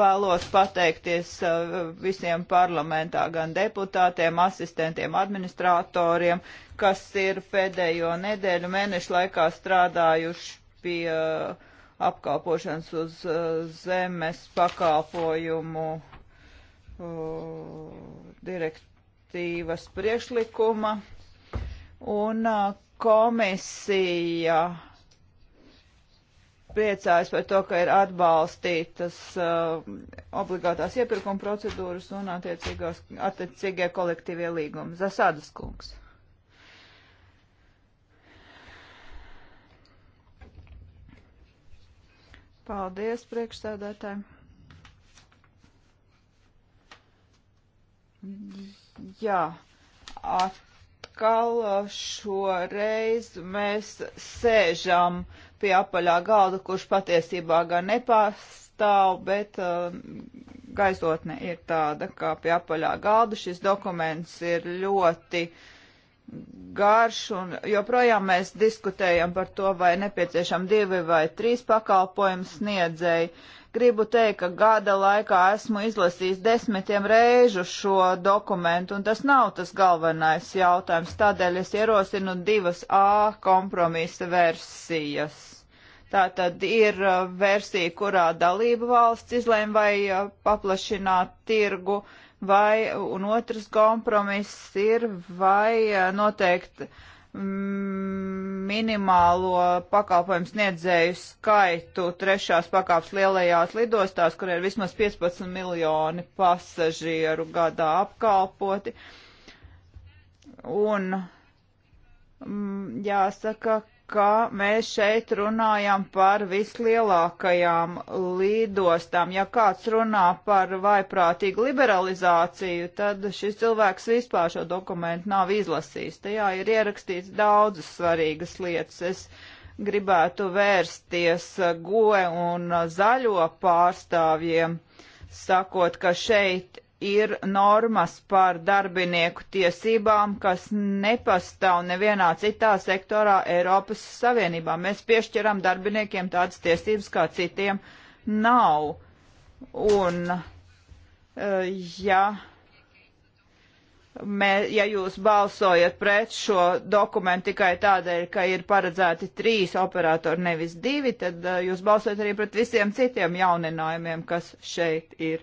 Vēlos pateikties uh, visiem parlamentā, gan deputātiem, asistentiem, administratoriem, kas ir pēdējo nedēļu mēnešu laikā strādājuši pie uh, apkalpošanas uz uh, zemes pakalpojumu direktīvu direktīvas priešlikuma, un komisija priecājas par to, ka ir atbalstītas uh, obligātās iepirkuma procedūras un attiecīgie kolektīvie līgumi. Zasādas kungs. Paldies, priekšsēdētāji. Jā, atkal uh, šoreiz mēs sēžam pie apaļā galda, kurš patiesībā gan nepastāv, bet uh, gaisotne ir tāda, kā pie apaļā galda. Šis dokuments ir ļoti garš, un joprojām mēs diskutējam par to, vai nepieciešam divi vai trīs pakalpojumu sniedzēji. Uh, Gribu teikt, ka gada laikā esmu izlasījis desmitiem reižu šo dokumentu, un tas nav tas galvenais jautājums. Tādēļ es ierosinu divas A kompromisa versijas. Tā tad ir uh, versija, kurā dalība valsts izlēma vai uh, paplašināt tirgu, vai, un otrs kompromiss ir, vai uh, noteikti minimālo pakalpojumu sniedzēju skaitu trešās pakāpes lielajās lidostās, kur ir vismaz 15 miljoni pasažieru gadā apkalpoti. Un mm, jāsaka, ka mēs šeit runājam par vislielākajām lidostām. Ja kāds runā par vaiprātīgu liberalizāciju, tad šis cilvēks vispār šo dokumentu nav izlasījis. Tajā ir ierakstīts daudzas svarīgas lietas. Es gribētu vērsties goe un zaļo pārstāvjiem, sakot, ka šeit ir normas par darbinieku tiesībām, kas nepastāv nevienā citā sektorā Eiropas Savienībā. Mēs piešķiram darbiniekiem tādas tiesības, kā citiem nav. Un, eh, ja, mē, ja jūs balsojat pret šo dokumentu tikai tādēļ, ka ir paredzēti trīs operatori, nevis divi, tad eh, jūs balsojat arī pret visiem citiem jauninājumiem, kas šeit ir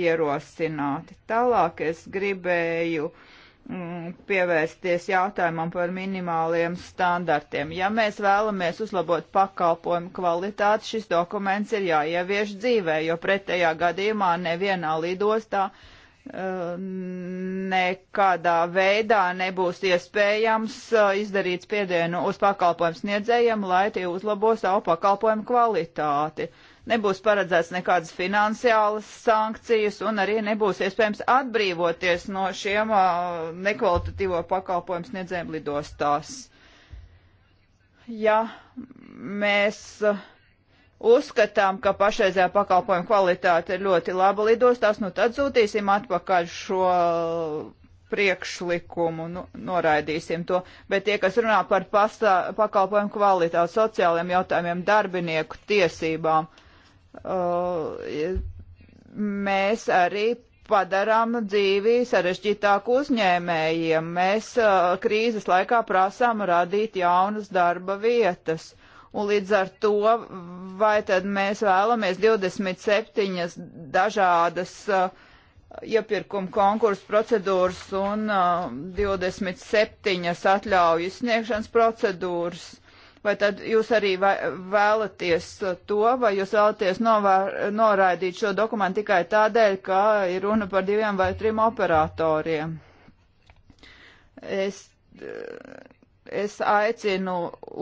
ierosināti. Tālāk es gribēju mm, pievērsties jautājumam par minimāliem standartiem. Ja mēs vēlamies uzlabot pakalpojumu kvalitāti, šis dokuments ir jāievieš dzīvē, jo pretējā gadījumā nevienā lidostā mm, nekādā veidā nebūs iespējams eh, izdarīt spiedienu uz pakalpojumu sniedzējiem, lai tie uzlabo savu pakalpojumu kvalitāti. Uh, nebūs paredzēts nekādas finansiālas sankcijas un arī nebūs iespējams atbrīvoties no šiem uh, nekvalitatīvo pakalpojumu sniedzējiem lidostās. Ja mēs uh, uzskatām, ka pašreizējā pakalpojuma kvalitāte ir ļoti laba lidostās, nu tad sūtīsim atpakaļ šo priekšlikumu, nu, noraidīsim to. Bet tie, kas runā par pastā, pakalpojumu kvalitāti, sociālajiem jautājumiem, darbinieku tiesībām, uh, Uh, mēs arī padarām dzīvi sarežģītāku uzņēmējiem. Mēs uh, krīzes laikā prasām radīt jaunas darba vietas. Un līdz ar to, vai tad mēs vēlamies 27 dažādas uh, iepirkuma konkursu procedūras un uh, 27 atļauju izsniegšanas procedūras. Vai tad jūs arī vēlaties to, vai jūs vēlaties novēr, noraidīt šo dokumentu tikai tādēļ, ka ir runa par diviem vai trim operatoriem? Es, es aicinu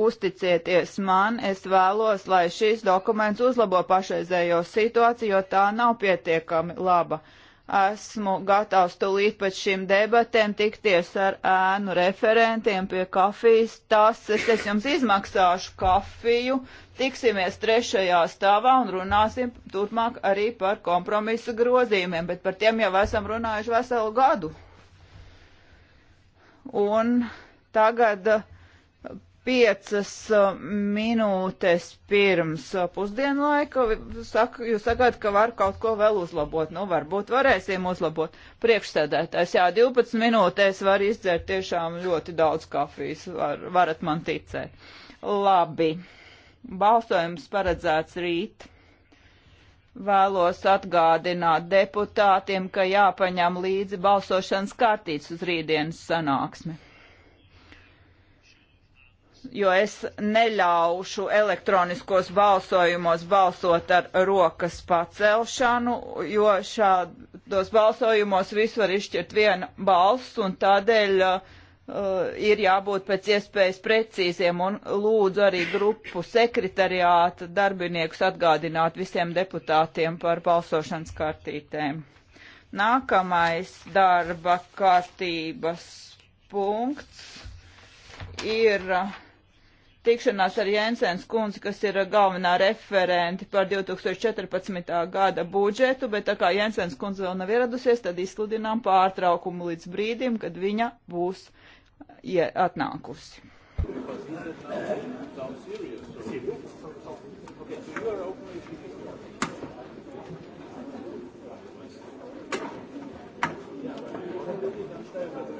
uzticēties man, es vēlos, lai šīs dokuments uzlabo pašreizējo situāciju, jo tā nav pietiekami laba. Uh, esmu gatavs tūlīt pēc šīm debatēm tikties ar ēnu referentiem pie kafijas tases. Es jums izmaksāšu kafiju, tiksimies trešajā stāvā un runāsim turpmāk arī par kompromisa grozījumiem, bet par tiem jau esam runājuši veselu gadu. Un tagad uh, piecas uh, minūtes pirms uh, pusdienlaika saka, jūs sakāt, ka var kaut ko vēl uzlabot. Nu, varbūt varēsim uzlabot. Priekšsēdētājs, jā, 12 minūtēs var izdzert tiešām ļoti daudz kafijas, var, varat man ticēt. Labi. Balsojums paredzēts rīt. Vēlos atgādināt deputātiem, ka jāpaņem līdzi balsošanas kartītes uz rītdienas sanāksmi jo es neļaušu elektroniskos balsojumos balsot ar rokas pacelšanu, jo šādos balsojumos visu var izšķirt viena balss, un tādēļ uh, ir jābūt pēc iespējas precīziem, un lūdzu arī grupu sekretariāta darbiniekus atgādināt visiem deputātiem par balsošanas kartītēm. Nākamais darba kārtības punkts ir uh, tikšanās ar Jensens kundzi, kas ir uh, galvenā referenti par 2014. gada budžetu, bet tā kā Jensens kundze vēl nav ieradusies, tad izsludinām pārtraukumu līdz brīdim, kad viņa būs ja, uh, atnākusi. Thank you.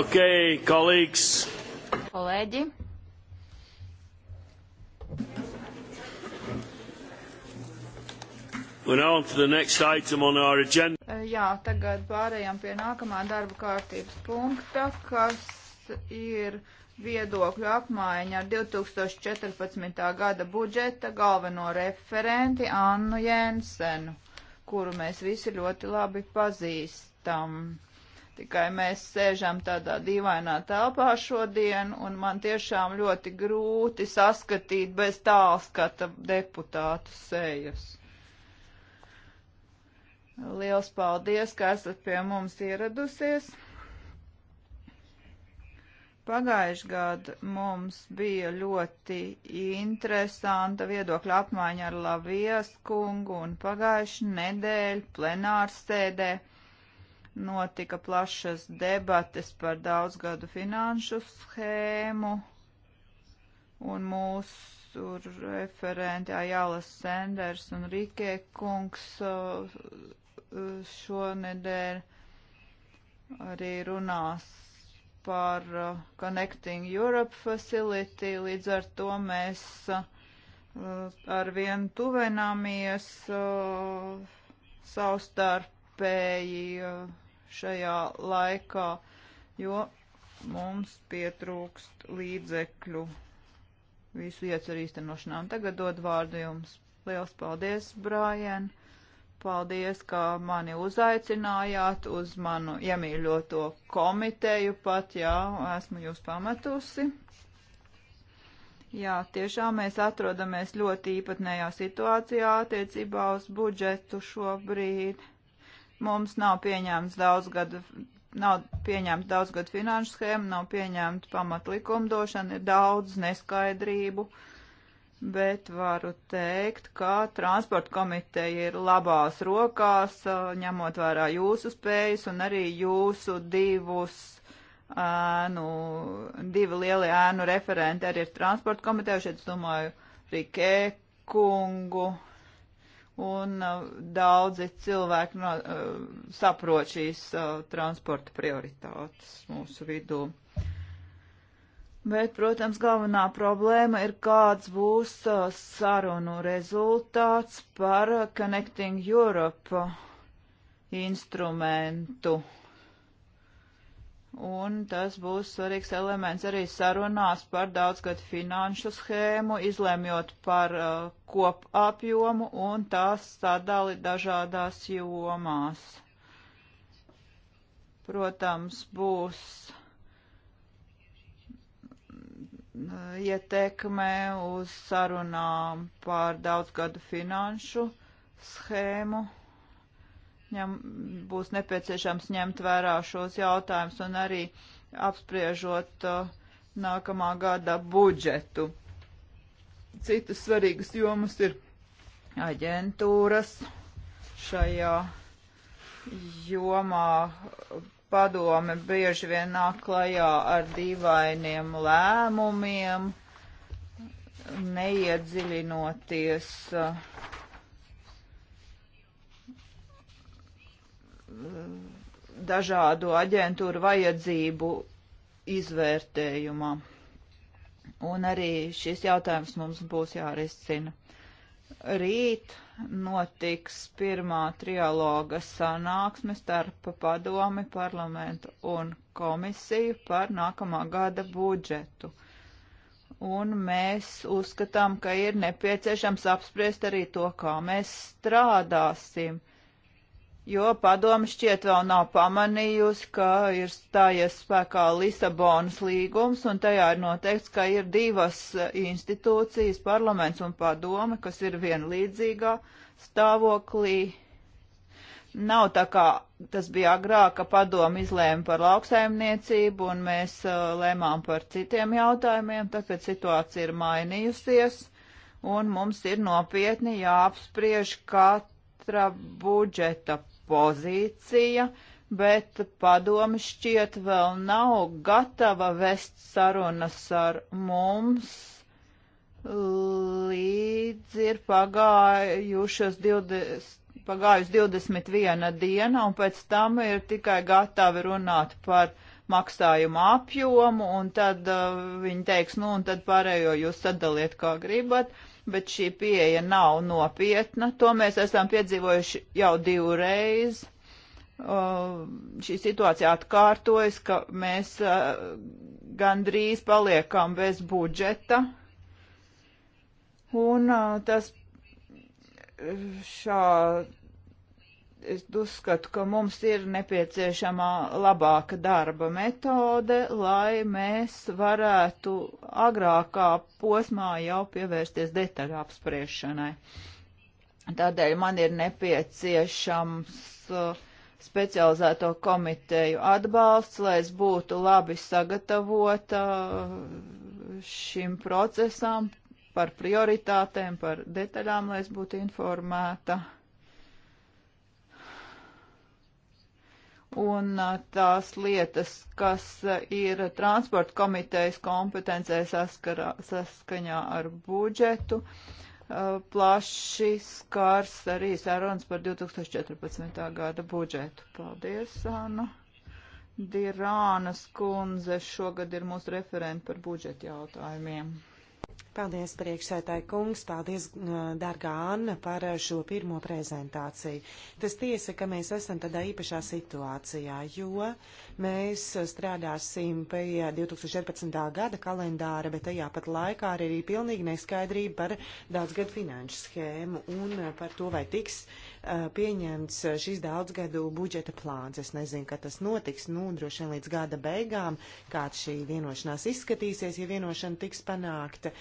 Okay, colleagues. Kolēģi. We're now on to the next item on our agenda. Jā, tagad pārējām pie nākamā darba kārtības punkta, kas ir viedokļu apmaiņa ar 2014. gada budžeta galveno referenti Annu Jensenu, kuru mēs visi ļoti labi pazīstam. Tikai mēs sēžam tādā dīvainā telpā šodien, un man tiešām ļoti grūti saskatīt bez tālskata deputātu sejas. Liels paldies, ka esat pie mums ieradusies. Pagājuši gadu mums bija ļoti interesanta viedokļa apmaiņa ar Lavijas kungu un pagājuši nedēļu plenārsēdē notika plašas debates par daudzgadu finanšu schēmu, un mūsu referenti Jālas Senders un Rikē kungs uh, šonedēļ arī runās par uh, Connecting Europe Facility, līdz ar to mēs uh, ar vienu tuvināmies savstarpēji šajā laikā, jo mums pietrūkst līdzekļu visu ieceru īstenošanā. Un tagad dod vārdu jums. Liels paldies, Brian! Paldies, ka mani uzaicinājāt uz manu iemīļoto komiteju pat, jā, esmu jūs pametusi. Jā, tiešām mēs atrodamies ļoti īpatnējā situācijā attiecībā uz budžetu šobrīd. Mums nav pieņēmts daudz gadu, nav pieņēmta daudz gadu finanšu schēma, nav pieņēmta pamatlikumdošana, ir daudz neskaidrību, bet varu teikt, ka transporta komiteja ir labās rokās, ņemot vērā jūsu spējas un arī jūsu divus ēnu, divi lieli ēnu referenti arī ir transporta komiteja, šeit es domāju Rikē kungu un uh, daudzi cilvēki no, uh, saprot šīs uh, transporta prioritātes mūsu vidū. Bet, protams, galvenā problēma ir, kāds būs sarunu rezultāts par Connecting Europe instrumentu un tas būs svarīgs elements arī sarunās par daudzgadu finanšu schēmu, izlēmjot par uh, kopapjomu un tās sadali dažādās jomās. Protams, būs mm, ietekme uz sarunām par daudzgadu finanšu schēmu ņem, būs nepieciešams ņemt vērā šos jautājumus un arī apspriežot uh, nākamā gada budžetu. Citas svarīgas jomas ir aģentūras šajā jomā. Padome bieži vien nāk klajā ar dīvainiem lēmumiem, neiedziļinoties uh, dažādu aģentūru vajadzību izvērtējumā. Un arī šis jautājums mums būs jārisina. Rīt notiks pirmā trialoga sanāksme starp padomi, parlamentu un komisiju par nākamā gada budžetu. Un mēs uzskatām, ka ir nepieciešams apspriest arī to, kā mēs strādāsim jo padomi šķiet vēl nav pamanījusi, ka ir stājies spēkā Lisabonas līgums, un tajā ir noteikts, ka ir divas institūcijas, parlaments un padome, kas ir vienlīdzīgā stāvoklī. Nav tā kā tas bija agrāk, ka padomi izlēma par lauksaimniecību un mēs uh, lēmām par citiem jautājumiem, tāpēc situācija ir mainījusies un mums ir nopietni jāapspriež, kā katra budžeta pozīcija, bet padomi šķiet vēl nav gatava vest sarunas ar mums. Līdz ir pagājušas 20, pagājusi 21 diena, un pēc tam ir tikai gatavi runāt par maksājumu apjomu, un tad uh, viņi teiks, nu, un tad pārējo jūs sadaliet, kā gribat. Uh, bet šī pieeja nav nopietna. To mēs esam piedzīvojuši jau divreiz. Uh, šī situācija atkārtojas, ka mēs uh, gandrīz paliekam bez budžeta. Un uh, tas šā es uzskatu, ka mums ir nepieciešama labāka darba metode, lai mēs varētu agrākā posmā jau pievērsties detaļu apspriešanai. Tādēļ man ir nepieciešams uh, specializēto komiteju atbalsts, lai es būtu labi sagatavota šim procesam par prioritātēm, par detaļām, lai es būtu informēta. un tās lietas, kas ir transporta komitejas kompetencē saskarā, saskaņā ar budžetu, plaši skars arī sarunas par 2014. gada budžetu. Paldies, Anna. Dirānas kundze šogad ir mūsu referenta par budžeta jautājumiem. Paldies, priekšsētāji kungs, paldies, dārgā Anna, par eh, šo pirmo prezentāciju. Tas tiesa, ka mēs esam tādā īpašā situācijā, jo mēs eh, strādāsim pie 2014. gada kalendāra, bet tajā pat laikā arī ir pilnīgi neskaidrība par daudzgadu finanšu schēmu un eh, par to, vai tiks uh, Uh, pieņemts uh, šis daudzgadu budžeta plāns. Es nezinu, kad tas notiks, nu, droši vien līdz gada beigām, kāds šī vienošanās izskatīsies, ja vienošana tiks panākta.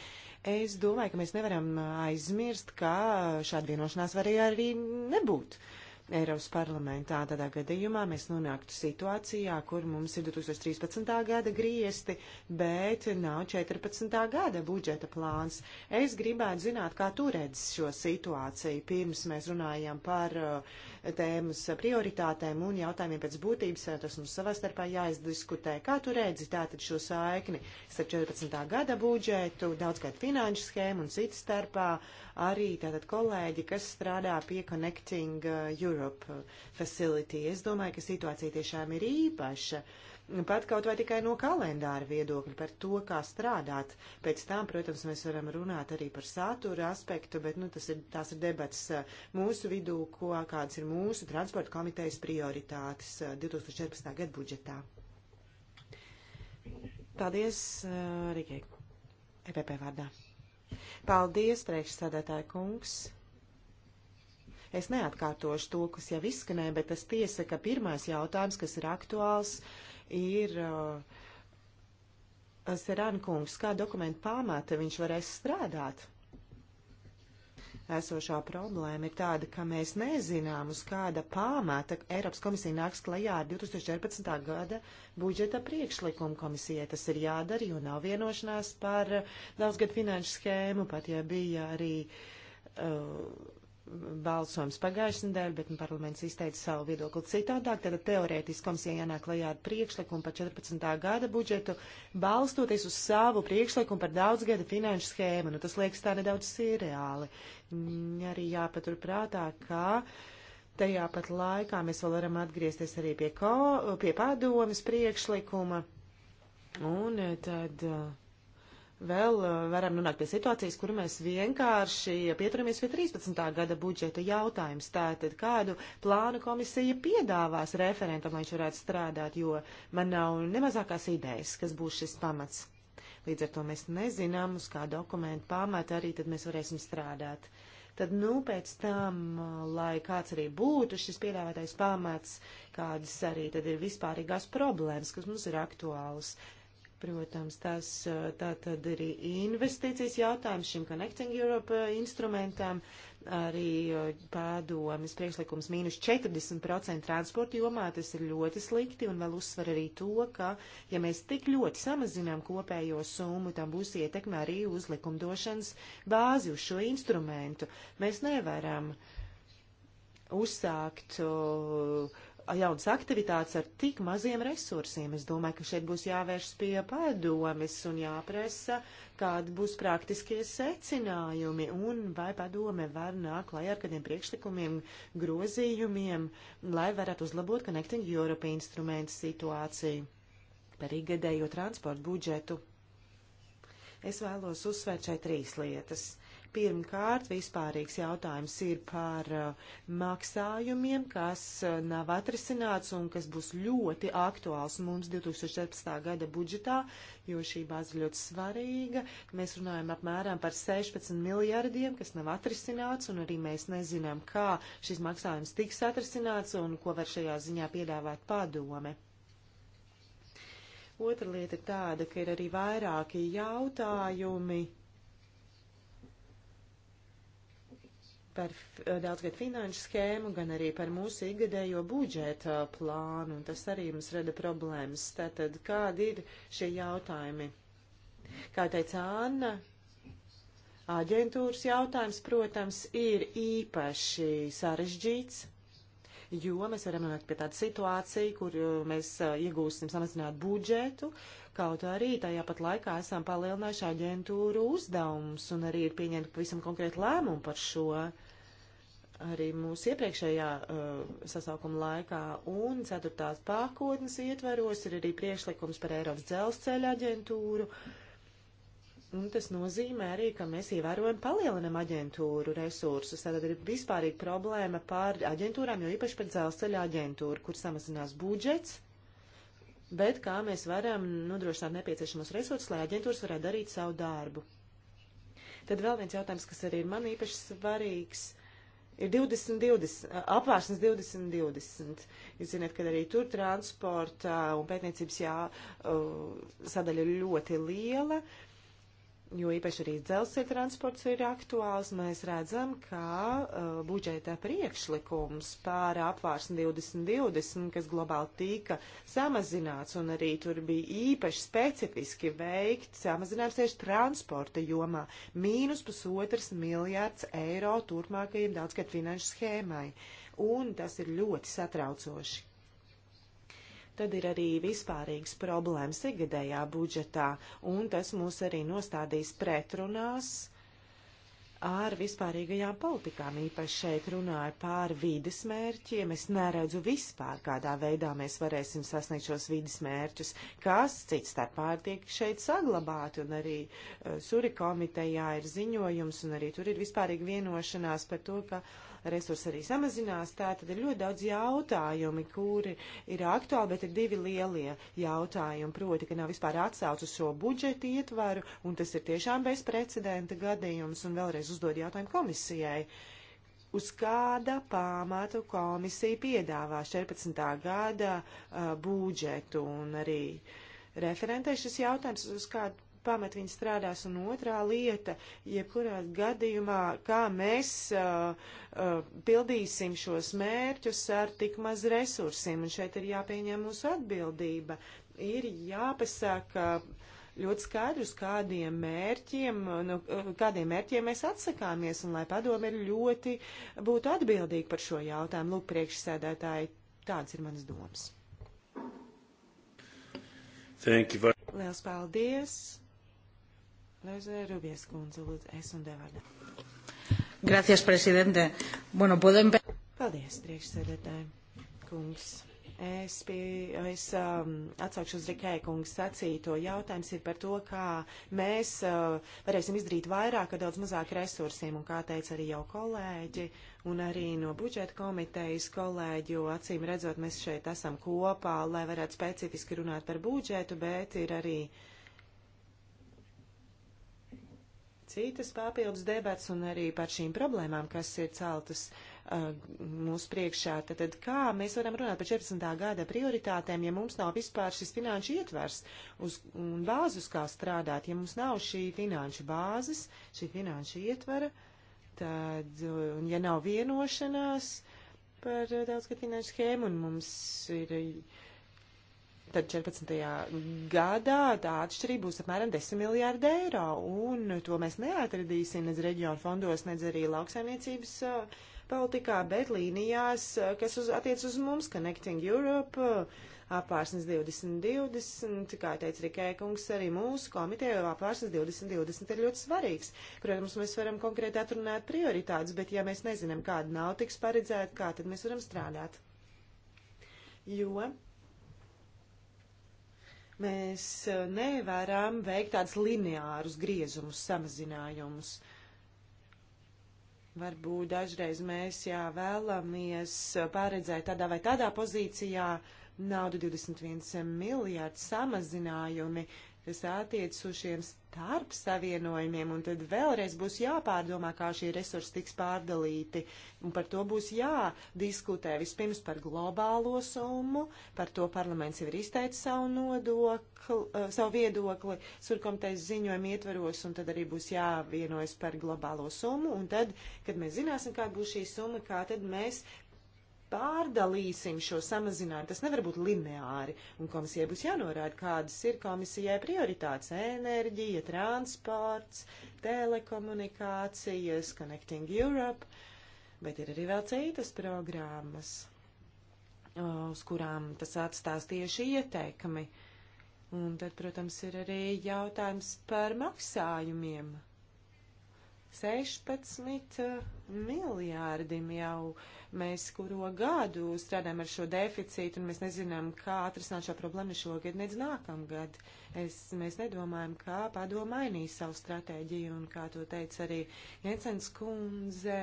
Es domāju, ka mēs nevaram aizmirst, ka šāda vienošanās var arī nebūt. Uh, Eiropas parlamentā. Tādā gadījumā mēs nonāktu situācijā, kur mums ir 2013. gada griesti, bet nav 14. gada budžeta plāns. Es gribētu zināt, kā tu redz šo situāciju. Pirms mēs runājam par uh, tēmas prioritātēm un jautājumiem pēc būtības, tas mums savā starpā jāizdiskutē. Kā tu redzi tātad šo saikni starp 14. gada budžetu, daudzgad finanšu schēmu un citu starpā arī tātad kolēģi, kas strādā pie Connecting Europe Facility. Es domāju, ka situācija tiešām ir īpaša. Uh, pat kaut vai tikai no kalendāra viedokļa par to, kā strādāt. Pēc tam, protams, mēs varam runāt arī par satura aspektu, bet nu, tas ir, tās ir debats eh, mūsu vidū, ko, kādas ir mūsu transporta komitejas prioritātes 2014. Eh, gada budžetā. Paldies, eh, Rīgai, EPP vārdā. Paldies, priekšsādātāja kungs. Es neatkārtošu to, kas jau izskanēja, bet tas tiesa, ka pirmais jautājums, kas ir aktuāls, uh, ir uh, Serankungs, kā dokumentu pamata viņš varēs strādāt. Esošā problēma ir tāda, ka mēs nezinām, uz kāda pamata Eiropas komisija nāks klajā ar 2014. gada budžeta priekšlikumu komisijai. Tas ir jādara, jo nav vienošanās par uh, daudzgad finanšu schēmu, pat ja bija arī uh, balsojums pagājušajā nedēļā, bet nu, parlaments izteica savu viedokli citādāk. Tad teorētiski komisija jānāk klajā ar priekšlikumu par 14. gada budžetu, balstoties uz savu priekšlikumu par daudzgada finanšu schēmu. Nu, tas liekas tā nedaudz sirreāli. Arī jāpatur prātā, ka. Tajā pat laikā mēs vēl varam atgriezties arī pie, ko, pie padomas priekšlikuma. Un eh, tad uh, vēl eh, varam nonākt pie situācijas, kur mēs vienkārši pieturamies pie 13. gada budžeta jautājums. Tātad kādu plānu komisija piedāvās referentam, lai viņš varētu strādāt, jo man nav nemazākās idejas, kas būs šis pamats. Līdz ar to mēs nezinām, uz kā dokumentu pamata arī tad mēs varēsim strādāt. Tad, nu, pēc tam, eh, lai kāds arī būtu šis piedāvātais pamats, kādas arī tad ir vispārīgās problēmas, kas mums ir aktuālas, Protams, tas eh, tā tad ir investīcijas jautājums šim Connecting Europe eh, instrumentam, arī eh, pārdomas priekšlikums mīnus 40% transporta jomā, tas ir ļoti slikti un vēl uzsver arī to, ka ja mēs tik ļoti samazinām kopējo summu, tam būs ietekme arī uz likumdošanas bāzi uz šo instrumentu. Mēs nevaram uzsākt uh, jaunas aktivitātes ar tik maziem resursiem. Es domāju, ka šeit būs jāvēršas pie padomes un jāpresa, kādi būs praktiskie secinājumi un vai padome var nākt klajā ar kādiem priekšlikumiem, grozījumiem, lai varētu uzlabot Connecting Europe instrumentu situāciju par ikgadējo transportu budžetu. Es vēlos uzsvērt šeit trīs lietas. Uh, Pirmkārt, vispārīgs jautājums ir par uh, maksājumiem, kas uh, nav atrisināts un kas būs ļoti aktuāls mums 2014. gada budžetā, jo šī bāze ļoti svarīga. Mēs runājam apmēram par 16 miljardiem, kas nav atrisināts, un arī mēs nezinām, kā šis maksājums tiks atrisināts un ko var šajā ziņā piedāvāt padome. Otra lieta ir tāda, ka ir arī vairāki jautājumi. Mm par eh, daudzgad finanšu schēmu, gan arī par mūsu ikgadējo budžeta eh, plānu, un tas arī mums rada problēmas. Tātad, kādi ir šie jautājumi? Kā teica Anna, aģentūras jautājums, protams, ir īpaši sarežģīts jo mēs varam nonākt pie tāda situācija, kur uh, mēs uh, iegūsim samazināt budžetu, kaut arī tajā pat laikā esam palielinājuši aģentūru uzdevumus un arī ir pieņemta pavisam konkrēta lēmuma par šo. Arī mūsu iepriekšējā uh, sasaukuma laikā un ceturtās pakotnes ietvaros ir arī priekšlikums par Eiropas dzelzceļa aģentūru. Uh, Un tas nozīmē arī, ka mēs ievērojam palielinam aģentūru resursus. Tātad ir vispārīga problēma pār aģentūrām, jo īpaši par dzelzceļa aģentūru, kur samazinās budžets, bet kā mēs varam nodrošināt nepieciešamos resursus, lai aģentūras varētu darīt savu darbu. Tad vēl viens jautājums, kas arī ir man īpaši svarīgs ir 20, 20, apvērsnes 20, 20. Jūs zināt, ka arī tur transporta un pētniecības jā, uh, sadaļa ir ļoti liela jo īpaši arī dzelzceļa transports ir aktuāls, mēs redzam, ka uh, budžeta priekšlikums pār apvārsni 2020, kas globāli tika samazināts, un arī tur bija īpaši specifiski veikt samazinājums tieši transporta jomā - mīnus pusotras miljārds eiro turpmākajiem daudzgad finanšu schēmai. Un tas ir ļoti satraucoši. Tad ir arī vispārīgs problēmas ikgadējā budžetā, un tas mūs arī nostādīs pretrunās ar vispārīgajām politikām. Īpaši šeit runāju pār vides mērķiem. Es neredzu vispār, kādā veidā mēs varēsim sasniegt šos vides mērķus, kas cits starpā tiek šeit saglabāti. Un arī uh, Suri komitejā ir ziņojums, un arī tur ir vispārīga vienošanās par to, ka uh, resursi arī samazinās. Tā tad ir ļoti daudz jautājumi, kuri ir aktuāli, bet ir divi lielie jautājumi. Proti, ka nav vispār atsauc uz šo budžetu ietvaru, un tas ir tiešām bezprecedenta gadījums, un vēlreiz uzdod jautājumu komisijai. Uz kāda pamatu komisija piedāvā 14. gada uh, budžetu un arī referentē šis jautājums, uz kādu pamet viņi strādās, un otrā lieta, jebkurā gadījumā, kā mēs uh, uh, pildīsim šos mērķus ar tik maz resursiem, un šeit ir jāpieņem mūsu atbildība, ir jāpasaka. Uh, ļoti skaidrs, kādiem mērķiem, nu, uh, kādiem mērķiem mēs atsakāmies, un lai padomi ir ļoti būtu atbildīgi par šo jautājumu. Lūk, priekšsēdētāji, tāds ir mans domas. Lielas paldies! Rubies kundze, lūdzu, es un devārdā. Gracias, prezidente. Bueno, puedo empezar. Paldies, priekšsēdētāji. Kungs. Es, pie, es um, atsaukšu uz Rikēja kungas sacīto. Jautājums ir par to, kā mēs uh, varēsim izdarīt vairāk ar daudz mazāk resursiem, un kā teica arī jau kolēģi, un arī no budžeta komitejas kolēģi, jo acīm redzot, mēs šeit esam kopā, lai varētu specifiski runāt par budžetu, bet ir arī uh, citas papildus debats un arī par šīm problēmām, kas ir celtas uh, mūsu priekšā. Tad, tad kā mēs varam runāt par 14. gada prioritātēm, ja mums nav vispār šis finanšu ietvers uz, un bāzes, kā strādāt, ja mums nav šī finanšu bāzes, šī finanšu ietvera, tad, un ja nav vienošanās par uh, daudzgad finanšu schēmu, un mums ir. Uh, Tad 14. gadā tā atšķirība būs apmēram 10 miljārdi eiro, un to mēs neatradīsim nec reģionu fondos, nec arī lauksaimniecības politikā, bet līnijās, kas uz, attiec uz mums, Connecting Europe, apārsnes 2020, kā teica Rikai kungs, arī mūsu komiteja apārsnes 2020 ir ļoti svarīgs. Protams, mēs varam konkrēti atrunāt prioritātes, bet ja mēs nezinām, kāda nav tiks paredzēta, kā tad mēs varam strādāt. Jo Mēs e, nevaram veikt tādus lineārus griezumus, samazinājumus. Varbūt dažreiz mēs jā, vēlamies pārredzēt tādā vai tādā pozīcijā naudu 21 miljārdu samazinājumi, kas attiecas uz šiem starp savienojumiem, un tad vēlreiz būs jāpārdomā, kā šie resursi tiks pārdalīti, un par to būs jādiskutē vispirms par globālo summu, par to parlaments jau ir izteicis savu nodokli, eh, savu viedokli, surkomtais ziņojumu ietvaros, un tad arī būs jāvienojas par globālo summu, un tad, kad mēs zināsim, kāda būs šī summa, kā tad mēs pārdalīsim šo samazinājumu. Tas nevar būt lineāri, un komisijai būs jānorāda, kādas ir komisijai prioritātes - enerģija, transports, telekomunikācijas, Connecting Europe, bet ir arī vēl citas programmas, uz kurām tas atstās tieši ieteikumi. Un tad, protams, ir arī jautājums par maksājumiem 16 eh, miljārdim jau mēs kuro gadu strādājam ar šo deficītu, un mēs nezinām, kā atrisināt šo problēmu šogad, nedz nākamgad. Es, mēs nedomājam, kā padomu mainīs savu stratēģiju, un kā to teica arī Jensens kundze,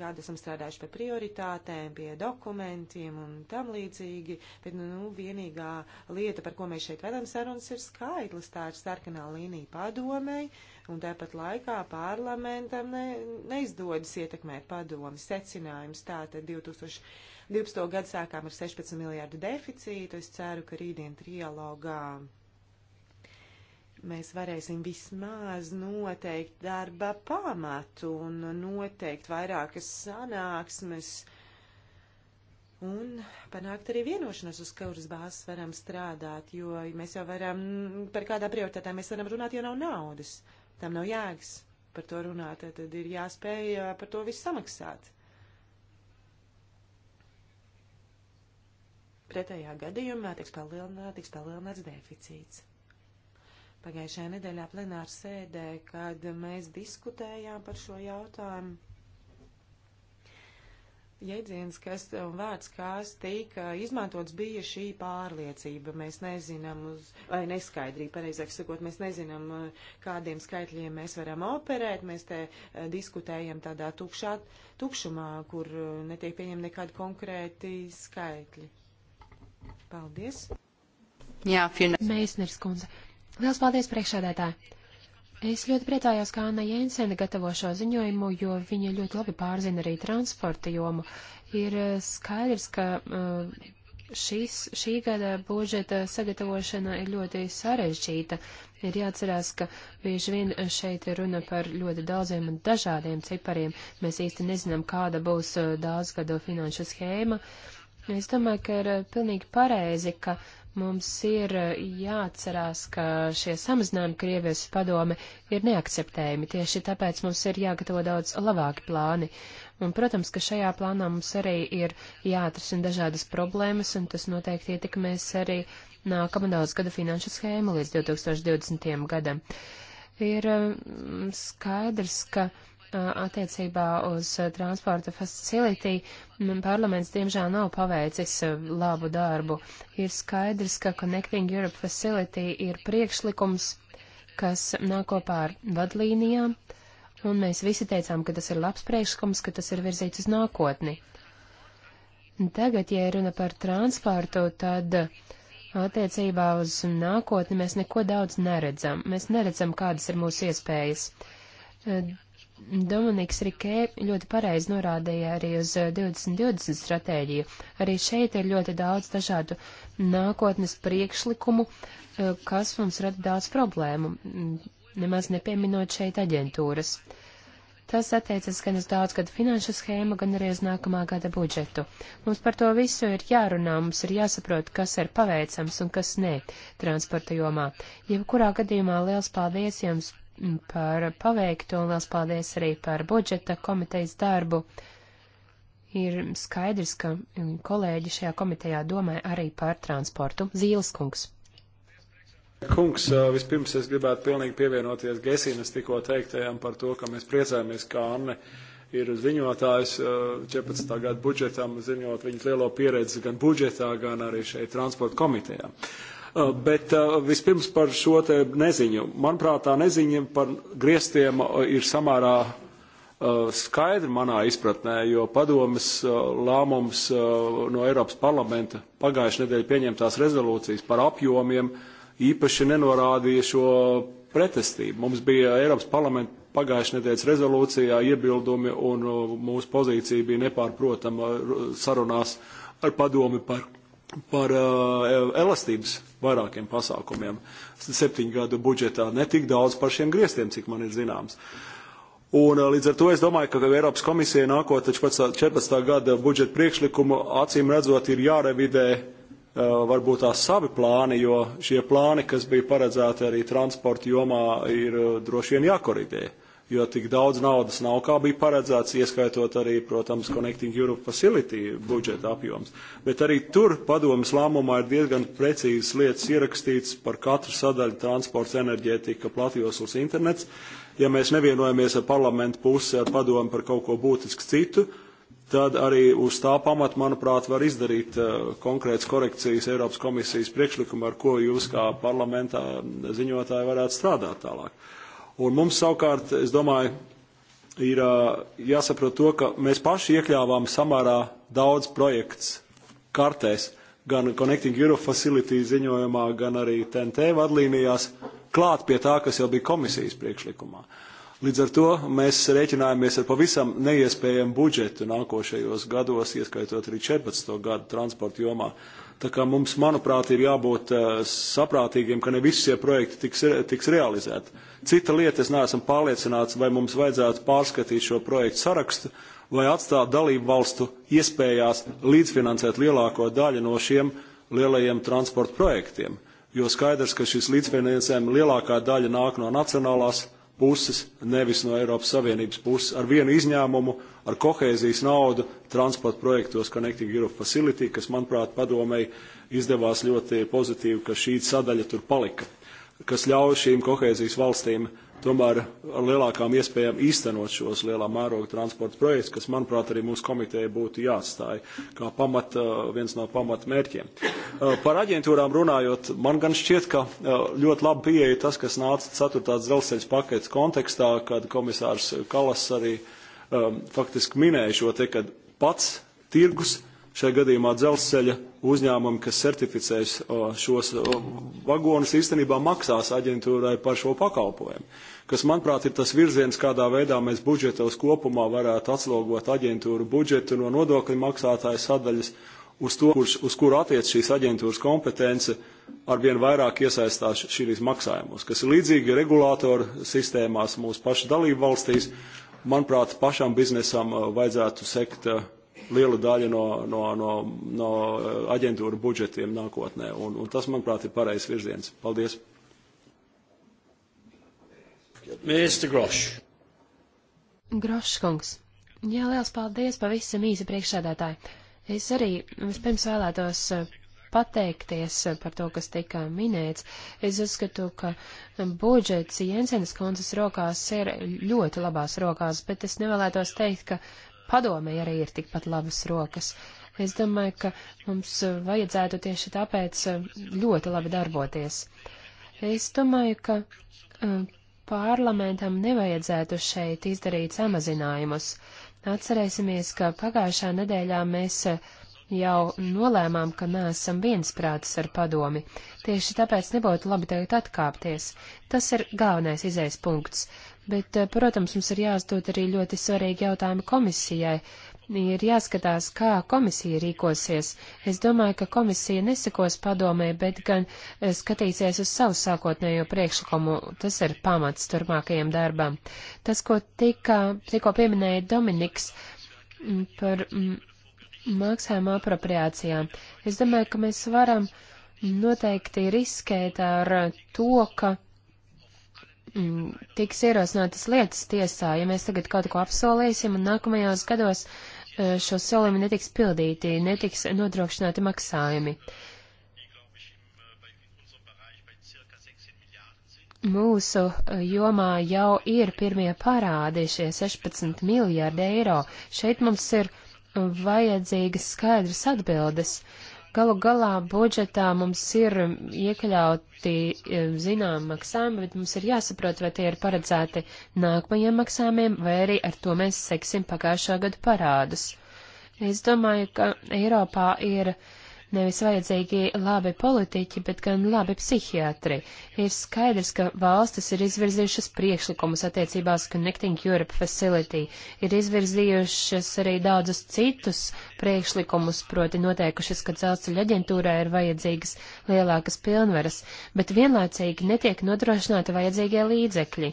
gadu esam strādājuši pie prioritātēm, pie dokumentiem un tam līdzīgi, bet nu, nu vienīgā lieta, par ko mēs šeit vedam sarunas, ir skaidrs. Tā ir sarkanā līnija padomei, un tāpat laikā parlamentam ne, neizdodas ietekmēt padomi secinājumus. Tātad 2012. gadu sākām ar 16 miljārdu deficītu. Es ceru, ka rītdien trialogā mēs varēsim vismaz noteikt darba pamatu un noteikt vairākas sanāksmes un panākt arī vienošanos, uz kuras bāzes varam strādāt, jo mēs jau varam, par kādā prioritātā mēs varam runāt, jo nav naudas. Tam nav jēgas par to runāt, tad ir jāspēj par to visu samaksāt. Pretējā gadījumā tiks palielināts, tiks palielināts deficīts pagājušajā nedēļā plenāra sēdē, kad mēs diskutējām par šo jautājumu. Jēdziens, kas un vārds, kas tika izmantots, bija šī pārliecība. Mēs nezinām, uz, vai neskaidrība, pareizāk sakot, mēs nezinām, kādiem skaitļiem mēs varam operēt. Mēs te eh, diskutējam tādā tukšā, tukšumā, kur eh, netiek pieņem nekādi konkrēti skaitļi. Paldies! Jā, Mēs, Nerskundze. Liels paldies, priekšsēdētāji! Es ļoti priecājos, ka Anna Jensena gatavo šo ziņojumu, jo viņa ļoti labi pārzina arī transporta jomu. Ir eh, skaidrs, ka eh, šis, šī gada budžeta sagatavošana ir ļoti sarežģīta. Ir jāatcerās, ka bieži vien šeit ir runa par ļoti daudziem un dažādiem cipariem. Mēs īsti nezinām, kāda būs eh, daudzgadu finanšu schēma. Es domāju, ka ir pilnīgi pareizi, ka uh, Mums ir eh, jāatcerās, ka šie samazinājumi Krievijas padome ir neakceptējami, tieši tāpēc mums ir jāgatavo daudz labāki plāni. Un, protams, ka šajā plānā mums arī ir jāatrisina dažādas problēmas, un tas noteikti ietekmēs arī nākamā daudzgada finanšu schēmu līdz 2020. gadam. Ir eh, skaidrs, ka. Uh, attiecībā uz transporta facility parlaments diemžēl nav paveicis labu darbu. Ir skaidrs, ka Connecting Europe Facility ir priekšlikums, kas nāk kopā ar vadlīnijām, un mēs visi teicām, ka tas ir labs priekšlikums, ka tas ir virzīts uz nākotni. Tagad, ja runa par transportu, tad attiecībā uz nākotni mēs neko daudz neredzam. Mēs neredzam, kādas ir mūsu iespējas Dominiks Rikē ļoti pareizi norādīja arī uz 2020 stratēģiju. Arī šeit ir ļoti daudz dažādu nākotnes priekšlikumu, eh, kas mums rada daudz problēmu, nemaz nepieminot šeit aģentūras. Tas attiecas gan uz daudzgadu finanšu schēmu, gan arī uz nākamā gada budžetu. Mums par to visu ir jārunā, mums ir jāsaprot, kas ir paveicams un kas nē transporta jomā. Jebkurā gadījumā liels paldies jums par paveikto un liels paldies arī par budžeta komitejas darbu. Ir skaidrs, ka kolēģi šajā komitejā domā arī par transportu. Zīles kungs. Kungs, vispirms es gribētu pilnīgi pievienoties Gesīnas tikko teiktajam par to, ka mēs priecājamies, ka Anne ir ziņotājs 14. gada budžetam, ziņot viņas lielo pieredzi gan budžetā, gan arī šeit transporta komitejā. Uh, Uh, bet uh, vispirms par šo te neziņu. Manuprāt, tā neziņa par griestiem uh, ir samērā skaidra manā izpratnē, jo padomas lēmums no Eiropas parlamenta pagājušajā nedēļā pieņemtās rezolūcijas par apjomiem īpaši nenorādīja šo pretestību. Mums bija Eiropas parlamenta pagājušajā nedēļas rezolūcijā iebildumi un mūsu pozīcija bija nepārprotama sarunās ar padomi par par uh, elastības vairākiem pasākumiem. Septiņu gadu budžetā netik daudz par šiem griestiem, cik man ir zināms. Un uh, līdz ar to es domāju, ka Eiropas komisija nākot 14. gada budžeta priekšlikumu acīm redzot ir jārevidē uh, varbūt tās savi plāni, jo šie plāni, kas bija paredzēti arī transporta jomā, ir droši vien jākorīdē. Uh, jo tik daudz naudas nav, kā bija paredzēts, ieskaitot arī, protams, Connecting Europe Facility budžeta apjoms. Bet arī tur padomas lēmumā ir diezgan precīzas lietas ierakstītas par katru sadaļu transports, enerģētika, platjoslas internets. Ja mēs nevienojamies ar parlamentu pusi, ar padomu par kaut ko būtisku citu, tad arī uz tā pamata, manuprāt, var izdarīt uh, eh, konkrētas korekcijas Eiropas komisijas priekšlikumu, ar ko jūs kā parlamentā ziņotāji varētu strādāt tālāk. Uh, Un mums savukārt, es domāju, ir jāsaprot to, ka mēs paši iekļāvām samērā daudz projekts kartēs, gan Connecting Europe Facility ziņojumā, gan arī TNT vadlīnijās, klāt pie tā, kas jau bija komisijas priekšlikumā. Līdz ar to mēs rēķinājāmies ar pavisam neiespējamu budžetu nākošajos gados, ieskaitot arī 14. gadu transporta jomā. Uh, Tā kā mums, manuprāt, ir jābūt uh, saprātīgiem, ka ne visi šie projekti tiks, tiks realizēti. Cita lieta, es neesmu pārliecināts, vai mums vajadzētu pārskatīt šo projektu sarakstu vai atstāt dalību valstu iespējās līdzfinansēt lielāko daļu no šiem lielajiem transporta projektiem. Jo skaidrs, ka šis līdzfinansējums lielākā daļa nāk no nacionālās uh, puses, nevis no Eiropas Savienības puses, ar vienu izņēmumu, ar kohēzijas naudu transporta projektos Connecting Europe Facility, kas, manuprāt, padomēji izdevās ļoti pozitīvi, ka šī sadaļa tur palika, kas ļauj šīm kohēzijas valstīm uh, tomēr ar lielākām iespējām īstenot šos lielā mēroga transporta projektus, kas, manuprāt, arī mūsu komiteja būtu jāatstāj kā pamat, uh, viens no pamatmērķiem. Uh, par aģentūrām runājot, man gan šķiet, ka uh, ļoti labi pieeja tas, kas nāca 4. dzelzceļa paketes kontekstā, kad komisārs Kalas arī um, faktiski minēja šo te, kad pats tirgus šajā gadījumā dzelzceļa uzņēmumi, kas certificēs šos vagonus, īstenībā maksās aģentūrai par šo pakalpojumu kas, manuprāt, ir tas virziens, kādā veidā mēs budžetos kopumā varētu atslogot aģentūru budžetu no nodokļu maksātāju sadaļas uz to, kurš, uz kuru attiec šīs aģentūras kompetence, arvien vairāk iesaistās šīs maksājumos, kas ir līdzīgi regulātoru sistēmās mūsu pašu dalību valstīs. Manuprāt, pašam biznesam uh, vajadzētu sekt uh, lielu daļu no, no, no, no uh, aģentūra budžetiem nākotnē, un, un tas, manuprāt, ir pareizs virziens. Paldies! Mr. Grošs. Grošs kungs. Jā, liels paldies, pavisam īsi priekšsēdētāji. Es arī vispirms vēlētos eh, pateikties eh, par to, kas tika minēts. Es uzskatu, ka eh, budžets Jensenas kundzes rokās ir ļoti labās rokās, bet es nevēlētos teikt, ka padomē arī ir tikpat labas rokas. Es domāju, ka mums vajadzētu tieši tāpēc ļoti labi darboties. Es domāju, ka parlamentam nevajadzētu šeit izdarīt samazinājumus. Atcerēsimies, ka pagājušā nedēļā mēs eh, jau nolēmām, ka neesam viensprātis ar padomi. Tieši tāpēc nebūtu labi tagad atkāpties. Tas ir galvenais izējas punkts. Bet, eh, protams, mums ir jāuzdod arī ļoti svarīgi jautājumi komisijai ir jāskatās, kā komisija rīkosies. Es domāju, ka komisija nesakos padomē, bet gan e, skatīsies uz savu sākotnējo priekšlikumu. Tas ir pamats turpmākajam darbam. Tas, ko tika, tikko pieminēja Dominiks par maksājuma apropriācijām, es domāju, ka mēs varam noteikti riskēt ar to, ka tiks ierosinātas lietas tiesā, ja mēs tagad kaut ko apsolīsim un nākamajos gados E, šo solījumu netiks pildīti, netiks nodrošināti maksājumi. Mūsu e, jomā jau ir pirmie parādi šie 16 miljārdi eiro. Šeit mums ir vajadzīgas skaidras atbildes. Uh, Galu galā budžetā mums ir iekļauti e, zinām maksājumi, bet mums ir jāsaprot, vai tie ir paredzēti nākamajiem maksājumiem, vai arī ar to mēs seksim pagājušā gada parādus. Es domāju, ka Eiropā ir uh, Nevis vajadzīgi labi politiķi, bet gan labi psihiatri. Ir skaidrs, ka valstis ir izvirzījušas priekšlikumus attiecībās Connecting Europe Facility, ir izvirzījušas arī daudzus citus priekšlikumus, proti noteikušas, ka dzelzceļa aģentūrā ir vajadzīgas lielākas pilnvaras, bet vienlaicīgi netiek nodrošināti vajadzīgie līdzekļi.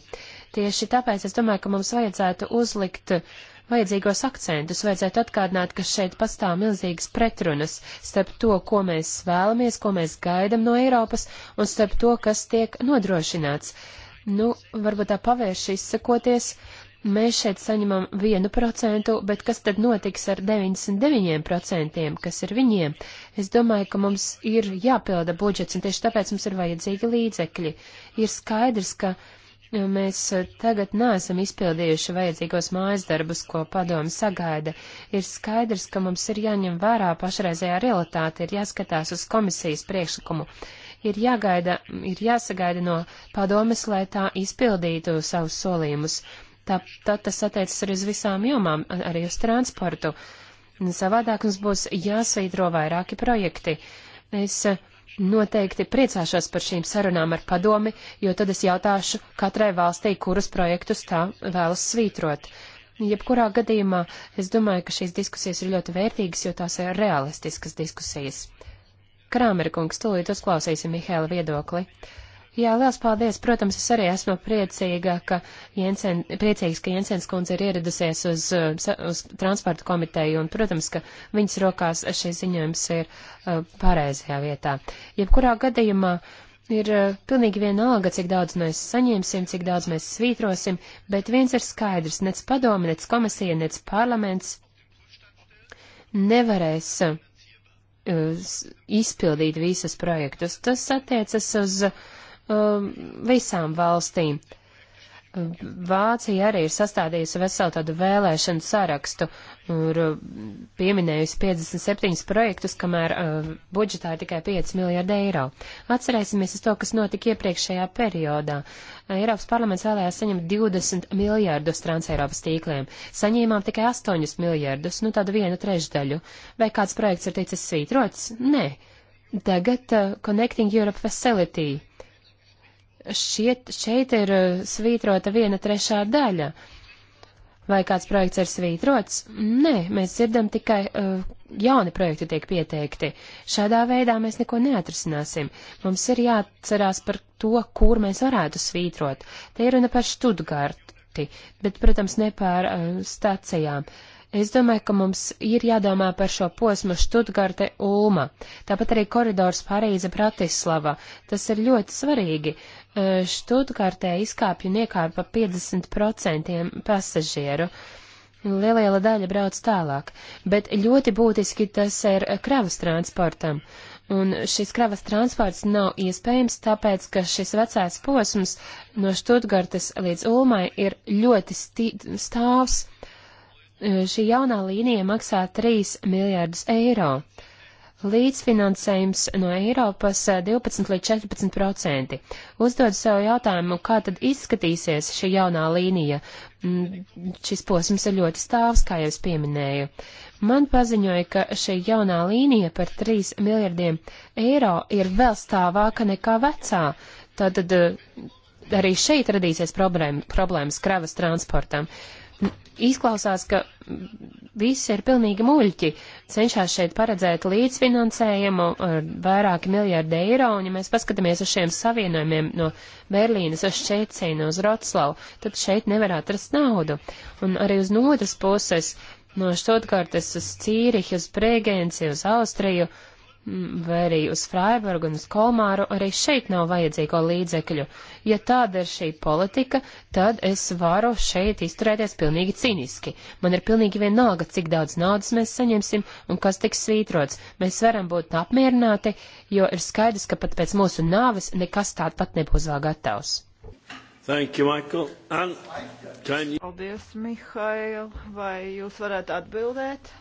Tieši tāpēc es domāju, ka mums vajadzētu uzlikt uh, vajadzīgos akcentus. Vajadzētu atkārdināt, ka šeit pastāv milzīgas pretrunas starp to, ko mēs vēlamies, ko mēs gaidam no Eiropas, un starp to, kas tiek nodrošināts. Nu, varbūt tā pavērši izsakoties, mēs šeit saņemam 1%, bet kas tad notiks ar 99%, kas ir viņiem? Es domāju, ka mums ir jāpilda budžets, un tieši tāpēc mums ir vajadzīgi līdzekļi. Ir skaidrs, ka uh, Mēs eh, tagad neesam izpildījuši vajadzīgos mājas darbus, ko padomi sagaida. Ir skaidrs, ka mums ir jāņem vērā pašreizējā realitāte, ir jāskatās uz komisijas priekšlikumu. Ir jāgaida, ir jāsagaida no padomes, lai tā izpildītu savus solījumus. Tā, tā tas attiecas arī uz visām jomām, arī uz transportu. Savādāk mums būs jāsvītro vairāki projekti. Es uh, noteikti priecāšos par šīm sarunām ar padomi, jo tad es jautāšu katrai valstī, kurus projektus tā vēlas svītrot. Jebkurā gadījumā es domāju, ka šīs diskusijas ir ļoti vērtīgas, jo tās ir realistiskas diskusijas. Krāmerkungs, tūlīt uzklausīsim Mihēla viedokli. Uh, Jā, liels paldies. Protams, es arī esmu priecīga, ka Jensen, priecīgs, ka Jensens kundze ir ieradusies uz, eh, uz transporta komiteju, un, protams, ka viņas rokās šis ziņojums ir uh, pareizajā vietā. Jebkurā gadījumā ir uh, pilnīgi vienalga, cik daudz mēs saņemsim, cik daudz mēs svītrosim, bet viens ir skaidrs, nec padomi, nec komisija, nec parlaments nevarēs uh, izpildīt visus projektus. Tas attiecas uz uh, um, visām valstīm. Um, Vācija arī ir sastādījusi veselu tādu vēlēšanu sarakstu, ir um, pieminējusi 57 projektus, kamēr uh, budžetā ir tikai 5 miljardi eiro. Atcerēsimies uz to, kas notika iepriekšējā periodā. Eiropas parlaments vēlējās saņemt 20 miljardus transeiropas tīkliem. Saņēmām tikai 8 miljardus, nu tādu vienu trešdaļu. Vai kāds projekts ir ticis svītrots? Nē. Tagad uh, Connecting Europe Facility. Uh, šiet, šeit ir uh, svītrota viena trešā daļa. Vai kāds projekts ir svītrots? Nē, mēs dzirdam tikai uh, jauni projekti tiek pieteikti. Šādā veidā mēs neko neatrisināsim. Mums ir jāatcerās par to, kur mēs varētu svītrot. Te ir runa par Študgārti, bet, protams, ne par uh, stacijām. Es domāju, ka mums ir jādomā par šo posmu Študgarte Ulma, tāpat arī koridors Parīze Bratislava. Tas ir ļoti svarīgi. Eh, Štūtkartē izkāpj un iekāpj pa 50% pasažieru. Liela daļa brauc tālāk, bet ļoti būtiski tas ir kravas transportam. Un šis kravas transports nav iespējams, tāpēc, ka šis vecais posms no Štutgartes līdz Ulmai ir ļoti stāvs. Eh, Šī jaunā līnija maksā 3 miljārdus eiro. Uh, līdzfinansējums no Eiropas 12 eh, līdz 14 procenti. Uzdod sev jautājumu, kā tad izskatīsies šī jaunā līnija. Mm, šis posms ir ļoti stāvs, kā jau es pieminēju. Man paziņoja, ka šī jaunā līnija par 3 miljardiem eiro ir vēl stāvāka nekā vecā. Tātad eh, arī šeit radīsies problēma, problēmas kravas transportam. Uh, izklausās, ka viss ir pilnīgi muļķi. Cenšas šeit paredzēt līdzfinansējumu ar eh, vairāki miljārdi eiro, un ja mēs paskatāmies uz šiem savienojumiem no Berlīnas uz Šeicinu, uz Rotslavu, tad šeit nevar atrast naudu. Un arī uz otras puses, no Štotgartes uz Cīrihi, uz Prēgenci, uz Austriju, uh, Mm, vai arī uz Freiburgu un uz Kolmāru, arī šeit nav vajadzīgo līdzekļu. Ja tāda ir šī politika, tad es varu šeit izturēties pilnīgi ciniski. Man ir pilnīgi vienalga, cik daudz naudas mēs saņemsim un kas tiks svītrots. Mēs varam būt apmierināti, jo ir skaidrs, ka pat pēc mūsu nāves nekas tāds pat nebūs vēl gatavs. Thank you, Michael. And can you... Paldies, Mihail. Vai jūs varētu atbildēt?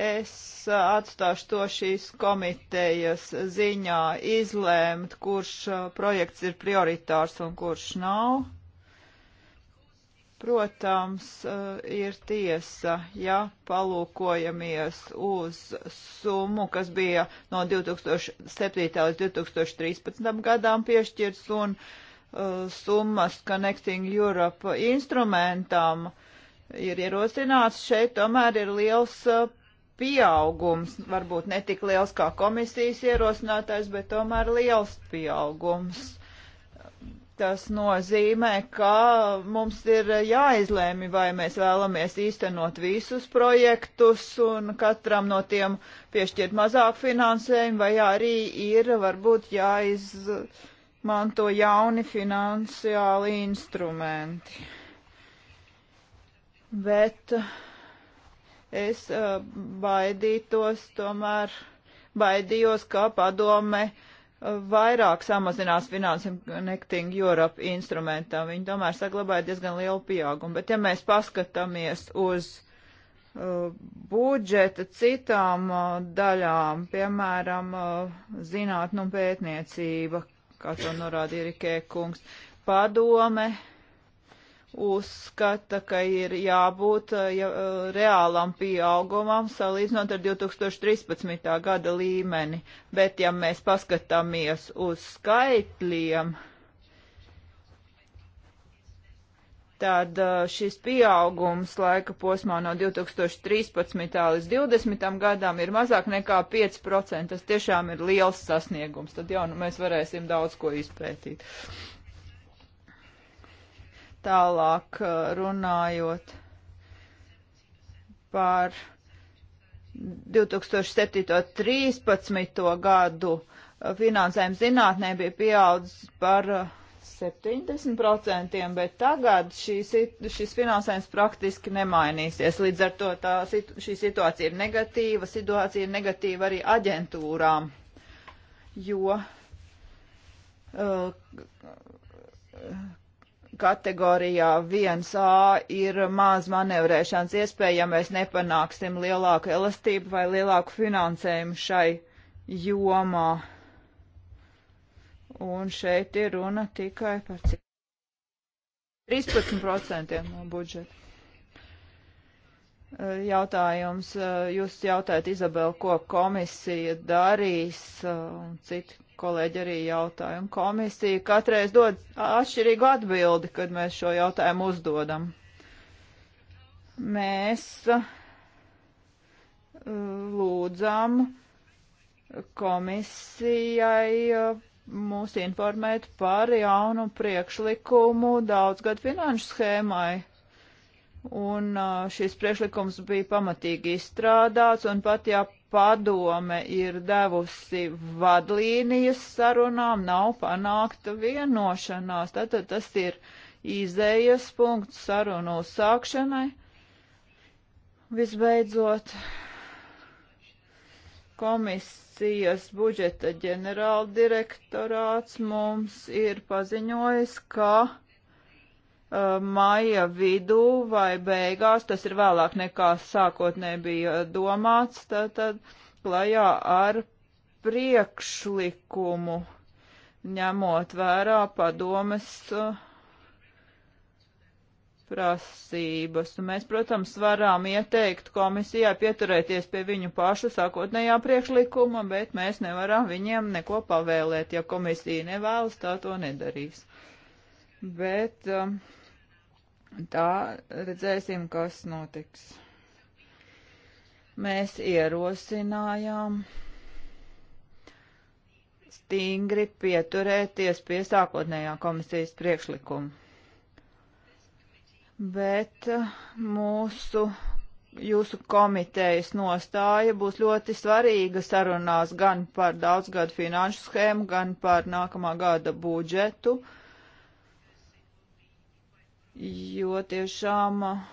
Es atstāšu to šīs komitejas ziņā izlēmt, kurš uh, projekts ir prioritārs un kurš nav. Protams, uh, ir tiesa, ja palūkojamies uz summu, kas bija no 2007. līdz 2013. gadām piešķirts un uh, summas Connecting Europe instrumentam ir ierosināts, šeit tomēr ir liels uh, pieaugums, varbūt netik liels kā komisijas ierosinātais, bet tomēr liels pieaugums. Tas nozīmē, ka mums ir jāizlēmi, vai mēs vēlamies īstenot visus projektus un katram no tiem piešķirt mazāk finansējumu, vai arī ir varbūt jāizmanto jauni finansiāli instrumenti. Bet uh, Es uh, baidītos tomēr, baidījos, ka padome uh, vairāk samazinās finansēm Connecting Europe instrumentam. Viņi tomēr saglabāja diezgan lielu pieaugumu. Bet ja mēs paskatāmies uz uh, budžeta citām uh, daļām, piemēram, uh, zinātnu un pētniecība, kā to norādīja Rikē kungs, padome uzskata, ka ir jābūt eh, ja, eh, reālam pieaugumam salīdzinot ar 2013. gada līmeni. Bet, ja mēs paskatāmies uz skaitļiem, tad eh, šis pieaugums laika posmā no 2013. līdz 2020. gadam ir mazāk nekā 5%. Tas tiešām ir liels sasniegums. Tad jau nu, mēs varēsim daudz ko izpētīt. Uh, Tālāk uh, runājot par 2007.13. gadu uh, finansējums zinātnē bija pieaudzis par 70%, uh, bet tagad šīs, šis finansējums praktiski nemainīsies. Līdz ar to tā, šī situācija ir negatīva, situācija ir negatīva arī aģentūrām, jo uh, kategorijā 1A ir maz manevrēšanas iespēja, ja mēs nepanāksim lielāku elastību vai lielāku finansējumu šai jomā. Un šeit ir runa tikai par 13% no budžeta. Jautājums, jūs jautājat, Izabela, ko komisija darīs un citi kolēģi arī jautāja, un komisija katreiz dod atšķirīgu atbildi, kad mēs šo jautājumu uzdodam. Mēs uh, lūdzam komisijai uh, mūs informēt par jaunu priekšlikumu daudzgad finanšu schēmai. Un uh, šis priekšlikums bija pamatīgi izstrādāts, un pat ja padome ir devusi vadlīnijas sarunām, nav panākta vienošanās. Tātad tas ir izējas punkts sarunu sākšanai. Visbeidzot, komisijas budžeta ģenerāldirektorāts mums ir paziņojis, ka Uh, maija vidū vai beigās, tas ir vēlāk nekā sākotnēji bija domāts, tad, tad klajā ar priekšlikumu, ņemot vērā padomes uh, prasības. Un mēs, protams, varam ieteikt komisijai pieturēties pie viņu pašu sākotnējā priekšlikuma, bet mēs nevaram viņiem neko pavēlēt. Ja komisija nevēlas, tā to nedarīs. Bet um, uh, Tā redzēsim, kas notiks. Mēs ierosinājām stingri pieturēties pie sākotnējā komisijas priekšlikuma. Bet eh, mūsu, jūsu komitejas nostāja būs ļoti svarīga sarunās gan par daudzgadu finanšu schēmu, gan par nākamā gada budžetu. Uh, jo tiešām uh,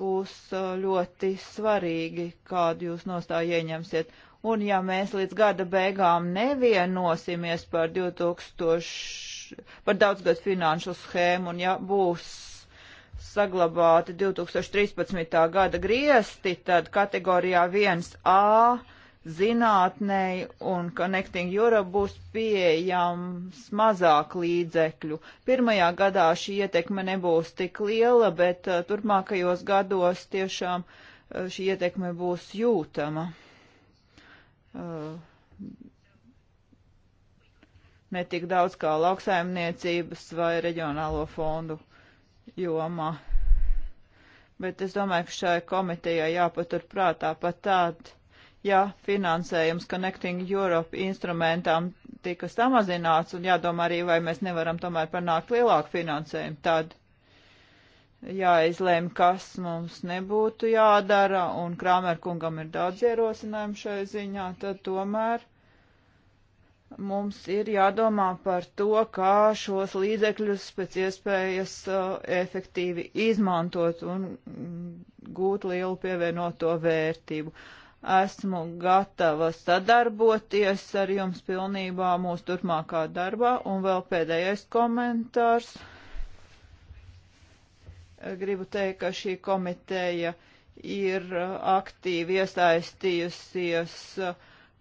būs uh, ļoti svarīgi, kādu jūs nostāju ieņemsiet. Un ja mēs līdz gada beigām nevienosimies par 2000, par daudzgad finanšu schēmu, un ja būs saglabāti 2013. gada griesti, tad kategorijā 1A zinātnei un Connecting Europe būs pieejams mazāk līdzekļu. Pirmajā gadā šī ietekme nebūs tik liela, bet uh, turpmākajos gados tiešām uh, šī ietekme būs jūtama. Uh, ne tik daudz kā lauksaimniecības vai reģionālo fondu jomā. Bet es domāju, ka šai komitejai jāpatur prātā pat tādu ja finansējums Connecting Europe instrumentam tika samazināts, un jādomā arī, vai mēs nevaram tomēr panākt lielāku finansējumu, tad jāizlēma, kas mums nebūtu jādara, un Krāmerkungam ir daudz ierosinājumu šai ziņā, tad tomēr mums ir jādomā par to, kā šos līdzekļus pēc iespējas uh, efektīvi izmantot un mm, gūt lielu pievienoto vērtību. Uh, Esmu gatava sadarboties ar jums pilnībā mūsu turpmākā darbā. Un vēl pēdējais komentārs. Gribu teikt, ka šī komiteja ir aktīvi iesaistījusies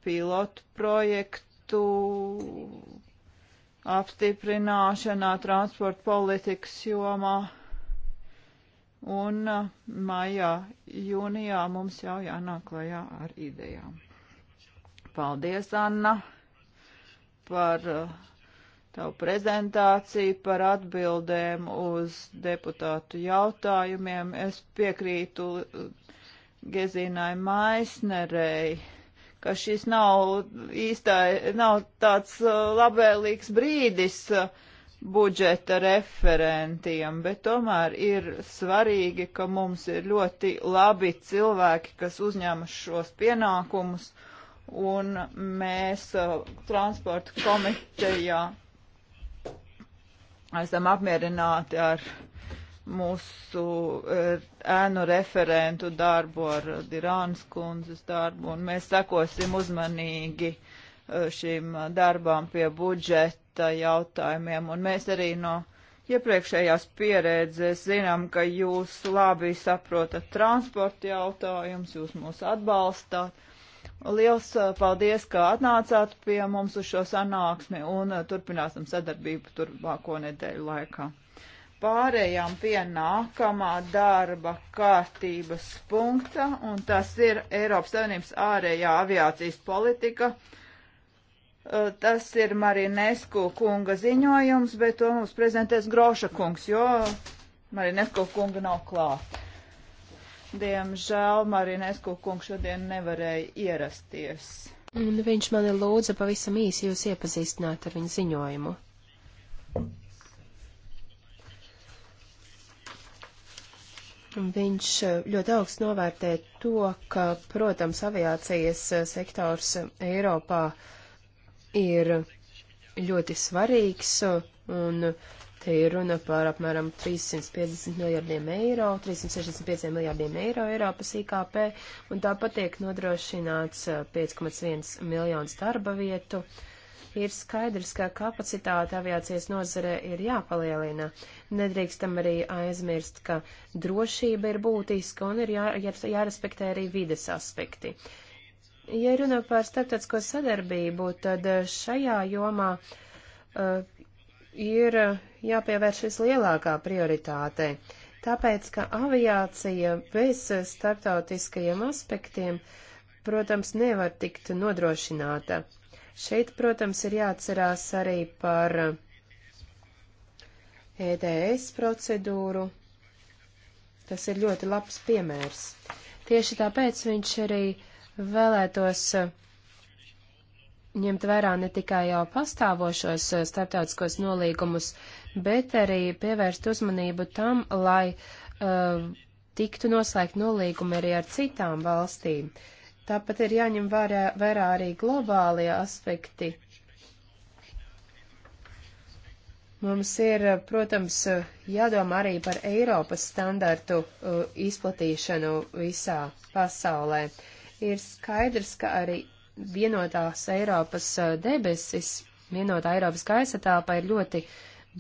pilotu projektu apstiprināšanā transporta politikas jomā un uh, maijā, jūnijā mums jau jānāk klajā ar idejām. Paldies, Anna, par uh, tavu prezentāciju, par atbildēm uz deputātu jautājumiem. Es piekrītu uh, Gezīnai Maisnerei ka šis nav īstai, nav tāds labvēlīgs brīdis uh, budžeta referentiem, bet tomēr ir svarīgi, ka mums ir ļoti labi cilvēki, kas uzņemas šos pienākumus, un mēs uh, transporta komitejā esam apmierināti ar mūsu uh, ēnu referentu darbu, ar Dirānas kundzes darbu, un mēs sekosim uzmanīgi uh, šīm darbām pie budžeta budžeta jautājumiem, un mēs arī no iepriekšējās pieredzes zinām, ka jūs labi saprotat transporta jautājumus, jūs mūs atbalstāt. Liels uh, paldies, ka atnācāt pie mums uz šo sanāksmi un uh, turpināsim sadarbību turpmāko nedēļu laikā. Pārējām pie nākamā darba kārtības punkta, un tas ir Eiropas Savienības ārējā aviācijas politika Eh, tas ir Marinesku kunga ziņojums, bet to mums prezentēs Groša kungs, jo Marinesku kunga nav klāt. Diemžēl Marinesku kungs šodien nevarēja ierasties. Un viņš mani lūdza pavisam īsi jūs iepazīstināt ar viņu ziņojumu. Viņš eh, ļoti augsts novērtē to, ka, protams, aviācijas eh, sektors Eiropā uh, ir ļoti svarīgs, un te ir runa par apmēram 350 miljardiem eiro, 365 miljardiem eiro Eiropas IKP, un tāpat tiek nodrošināts 5,1 miljonus darba vietu. Ir skaidrs, ka kapacitāte aviācijas nozare ir jāpalielina. Nedrīkstam arī aizmirst, ka drošība ir būtiska un ir jā, jā, jārespektē arī vides aspekti. Uh, Ja runa par starptautisko sadarbību, tad eh, šajā jomā uh, ir eh, jāpievēršas lielākā prioritāte, tāpēc, ka aviācija bez starptautiskajiem aspektiem, protams, nevar tikt nodrošināta. Šeit, protams, ir jāatcerās arī par EDS e procedūru. Tas ir ļoti labs piemērs. Tieši tāpēc viņš arī uh, vēlētos eh, ņemt vērā ne tikai jau pastāvošos eh, starptautiskos nolīgumus, bet arī pievērst uzmanību tam, lai uh, tiktu noslēgt nolīgumi arī ar citām valstīm. Tāpat ir jāņem vērā, vērā arī globālie aspekti. Mums ir, protams, jādomā arī par Eiropas standartu uh, izplatīšanu visā pasaulē. Uh, Ir skaidrs, ka arī vienotās Eiropas uh, debesis, vienotā Eiropas gaisa telpa ir ļoti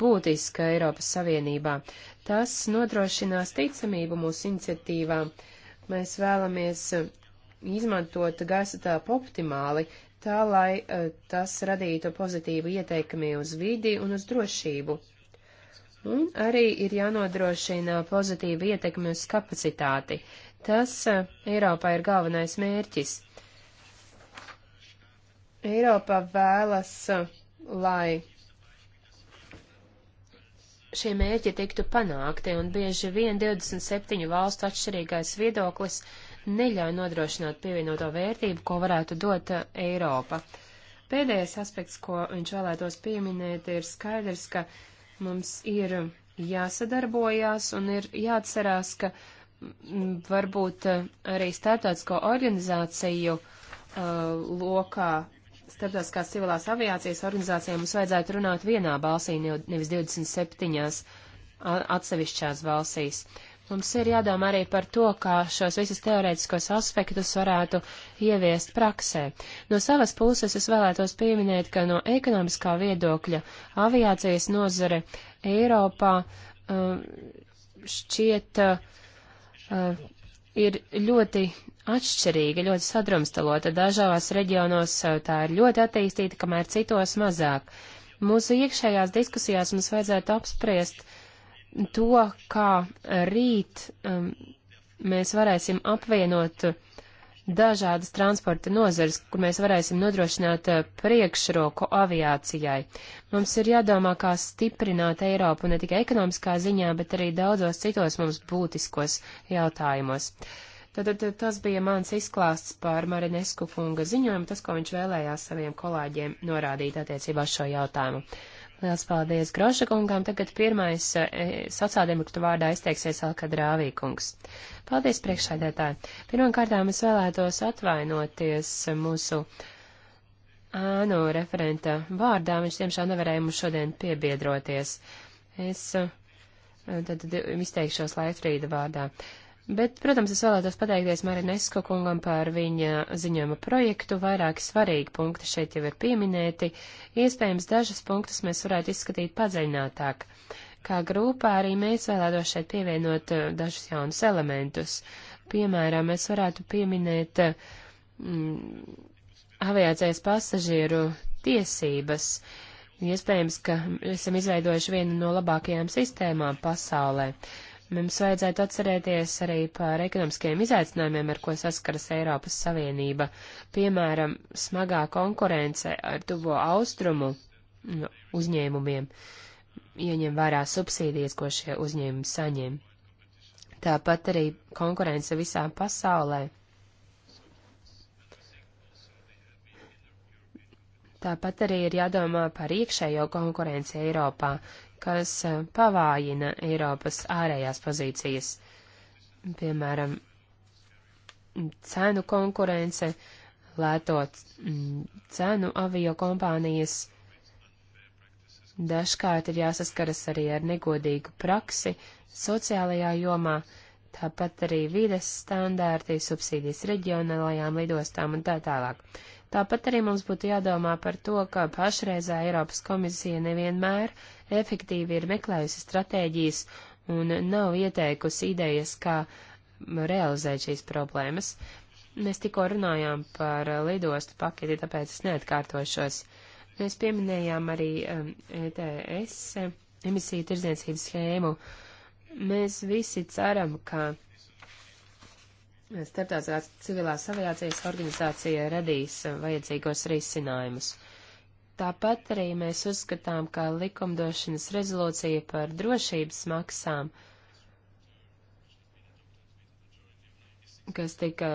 būtiska Eiropas Savienībā. Tas nodrošinās ticamību mūsu iniciatīvām. Mēs vēlamies uh, izmantot gaisa telpu optimāli, tā lai uh, tas radītu pozitīvu ieteikumu uz vidi un uz drošību. Un arī ir jānodrošina pozitīva ietekme uz kapacitāti. Tas e, Eiropā ir galvenais mērķis. Eiropa vēlas, e, lai šie mērķi tiktu panākti, un bieži vien 27 valstu atšķirīgais viedoklis neļauj nodrošināt pievienoto vērtību, ko varētu dot e, Eiropa. Pēdējais aspekts, ko viņš vēlētos pieminēt, ir skaidrs, ka mums ir jāsadarbojās un ir jāatcerās, ka varbūt eh, arī starptautisko organizāciju uh, lokā, starptautiskās civilās aviācijas organizācijām mums vajadzētu runāt vienā balsī, nevis 27 atsevišķās valstīs. Mums ir jādomā arī par to, kā šos visus teorētiskos aspektus varētu ieviest praksē. No savas puses es vēlētos pieminēt, ka no ekonomiskā viedokļa aviācijas nozare Eiropā uh, šķiet uh, uh, ir ļoti atšķirīga, ļoti sadrumstalota. Dažās reģionos uh, tā ir ļoti attīstīta, kamēr citos mazāk. Mūsu iekšējās diskusijās mums vajadzētu apspriest to, kā rīt um, mēs varēsim apvienot uh, dažādas transporta nozares, kur mēs varēsim nodrošināt eh, priekšroku aviācijai. Mums ir jādomā, kā stiprināt Eiropu ne tikai ekonomiskā ziņā, bet arī daudzos citos mums būtiskos jautājumos. Tātad eh, tas bija mans izklāsts par Marinesku kunga ziņojumu, tas, ko viņš vēlējās saviem kolēģiem norādīt attiecībā šo jautājumu. Liels paldies Groša kungam. Tagad pirmais eh, sociāldemokrātu vārdā izteiksies Alkadrāvī kungs. Paldies priekšsēdētāji. Pirmkārtām es vēlētos atvainoties mūsu ānu referenta vārdā. Viņš tiemžēl nevarēja mums šodien piebiedroties. Es eh, tad izteikšos Laifrīda vārdā. Bet, protams, es vēlētos pateikties Marinesko kungam par viņa ziņojuma projektu. Vairāki svarīgi punkti šeit jau ir pieminēti. Iespējams, dažas punktus mēs varētu izskatīt padziļinātāk. Kā grupā arī mēs vēlētos šeit pievienot eh, dažus jaunus elementus. Piemēram, mēs varētu pieminēt mm, aviācijas pasažieru tiesības. Iespējams, ka esam izveidojuši vienu no labākajām sistēmām pasaulē. Uh, Mums vajadzētu atcerēties arī par ekonomiskajiem izaicinājumiem, ar ko saskaras Eiropas Savienība, piemēram, smagā konkurence ar tuvo austrumu nu, uzņēmumiem, ieņem vērā subsīdijas, ko šie uzņēmumi saņem. Tāpat arī konkurence visā pasaulē. Tāpat arī ir jādomā par iekšējo konkurenci Eiropā, kas eh, pavājina Eiropas ārējās pozīcijas, piemēram, cenu konkurence, lētot mm, cenu avio kompānijas. Dažkārt ir jāsaskaras arī ar negodīgu praksi sociālajā jomā, tāpat arī vides standārti, subsīdijas reģionālajām lidostām un tā tālāk. Tāpat arī mums būtu jādomā par to, ka pašreizā Eiropas komisija nevienmēr efektīvi ir meklējusi stratēģijas un nav ieteikusi idejas, kā realizēt šīs problēmas. Mēs tikko runājām par lidostu paketi, tāpēc es neatkārtošos. Mēs pieminējām arī um, ETS emisiju tirdzniecības schēmu. Mēs visi ceram, ka Starptautiskās civilās aviācijas organizācija radīs vajadzīgos risinājumus. Tāpat arī mēs uzskatām, ka likumdošanas rezolūcija par drošības maksām, kas tika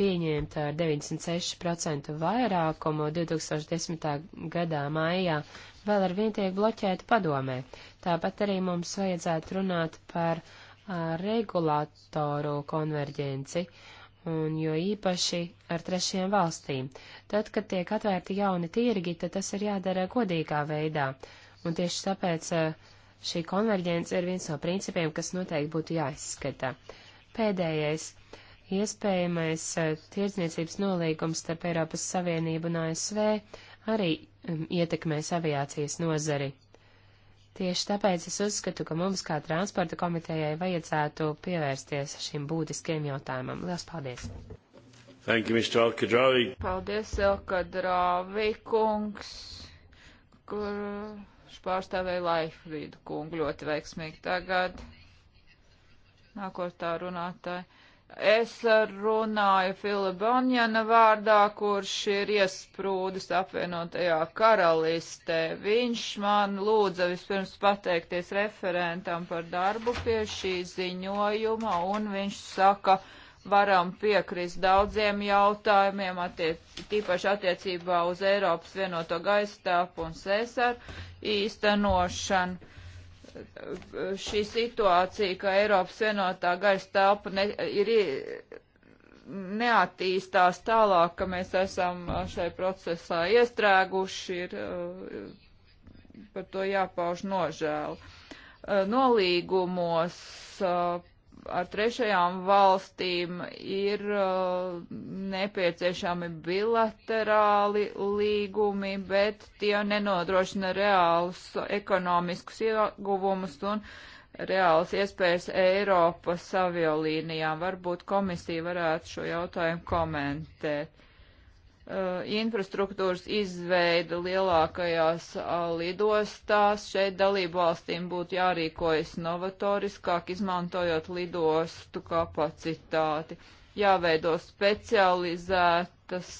pieņemta ar 96% vairākumu 2010. gadā maijā, vēl ar vien tiek bloķēta padomē. Tāpat arī mums vajadzētu runāt par uh, regulātoru konverģenci, un jo īpaši ar trešiem valstīm. Tad, kad tiek atvērti jauni tirgi, tad tas ir jādara godīgā veidā, un tieši tāpēc eh, šī konverģence ir viens no principiem, kas noteikti būtu jāizskata. Pēdējais iespējamais eh, tirdzniecības nolīgums starp Eiropas Savienību un ASV arī um, ietekmēs aviācijas nozari. Tieši tāpēc es uzskatu, ka mums kā transporta komitejai vajadzētu pievērsties šim būtiskajam jautājumam. Lielas paldies! Thank you, Mr. Alkadravi. Paldies, Alkadravi kungs, kurš uh, pārstāvēja Laifrīdu kungu ļoti veiksmīgi tagad. Nākotā runātāja. Es runāju Filibanjana vārdā, kurš ir iesprūdis apvienotajā karalistē. Viņš man lūdza vispirms pateikties referentam par darbu pie šī ziņojuma, un viņš saka, varam piekrist daudziem jautājumiem, attiec, tīpaši attiecībā uz Eiropas vienoto gaistāpu un sēsaru īstenošanu šī situācija, ka Eiropas vienotā gaisa telpa ne, ir neattīstās tālāk, ka mēs esam šai procesā iestrēguši, ir uh, par to jāpauž nožēla. Uh, nolīgumos uh, ar trešajām valstīm ir uh, nepieciešami bilaterāli līgumi, bet tie nenodrošina reālus ekonomiskus ieguvumus un reāls iespējas Eiropas aviolīnijām. Varbūt komisija varētu šo jautājumu komentēt. Uh, infrastruktūras izveidu lielākajās uh, lidostās. Šeit dalību valstīm būtu jārīkojas novatoriskāk, izmantojot lidostu kapacitāti. Jāveido specializētas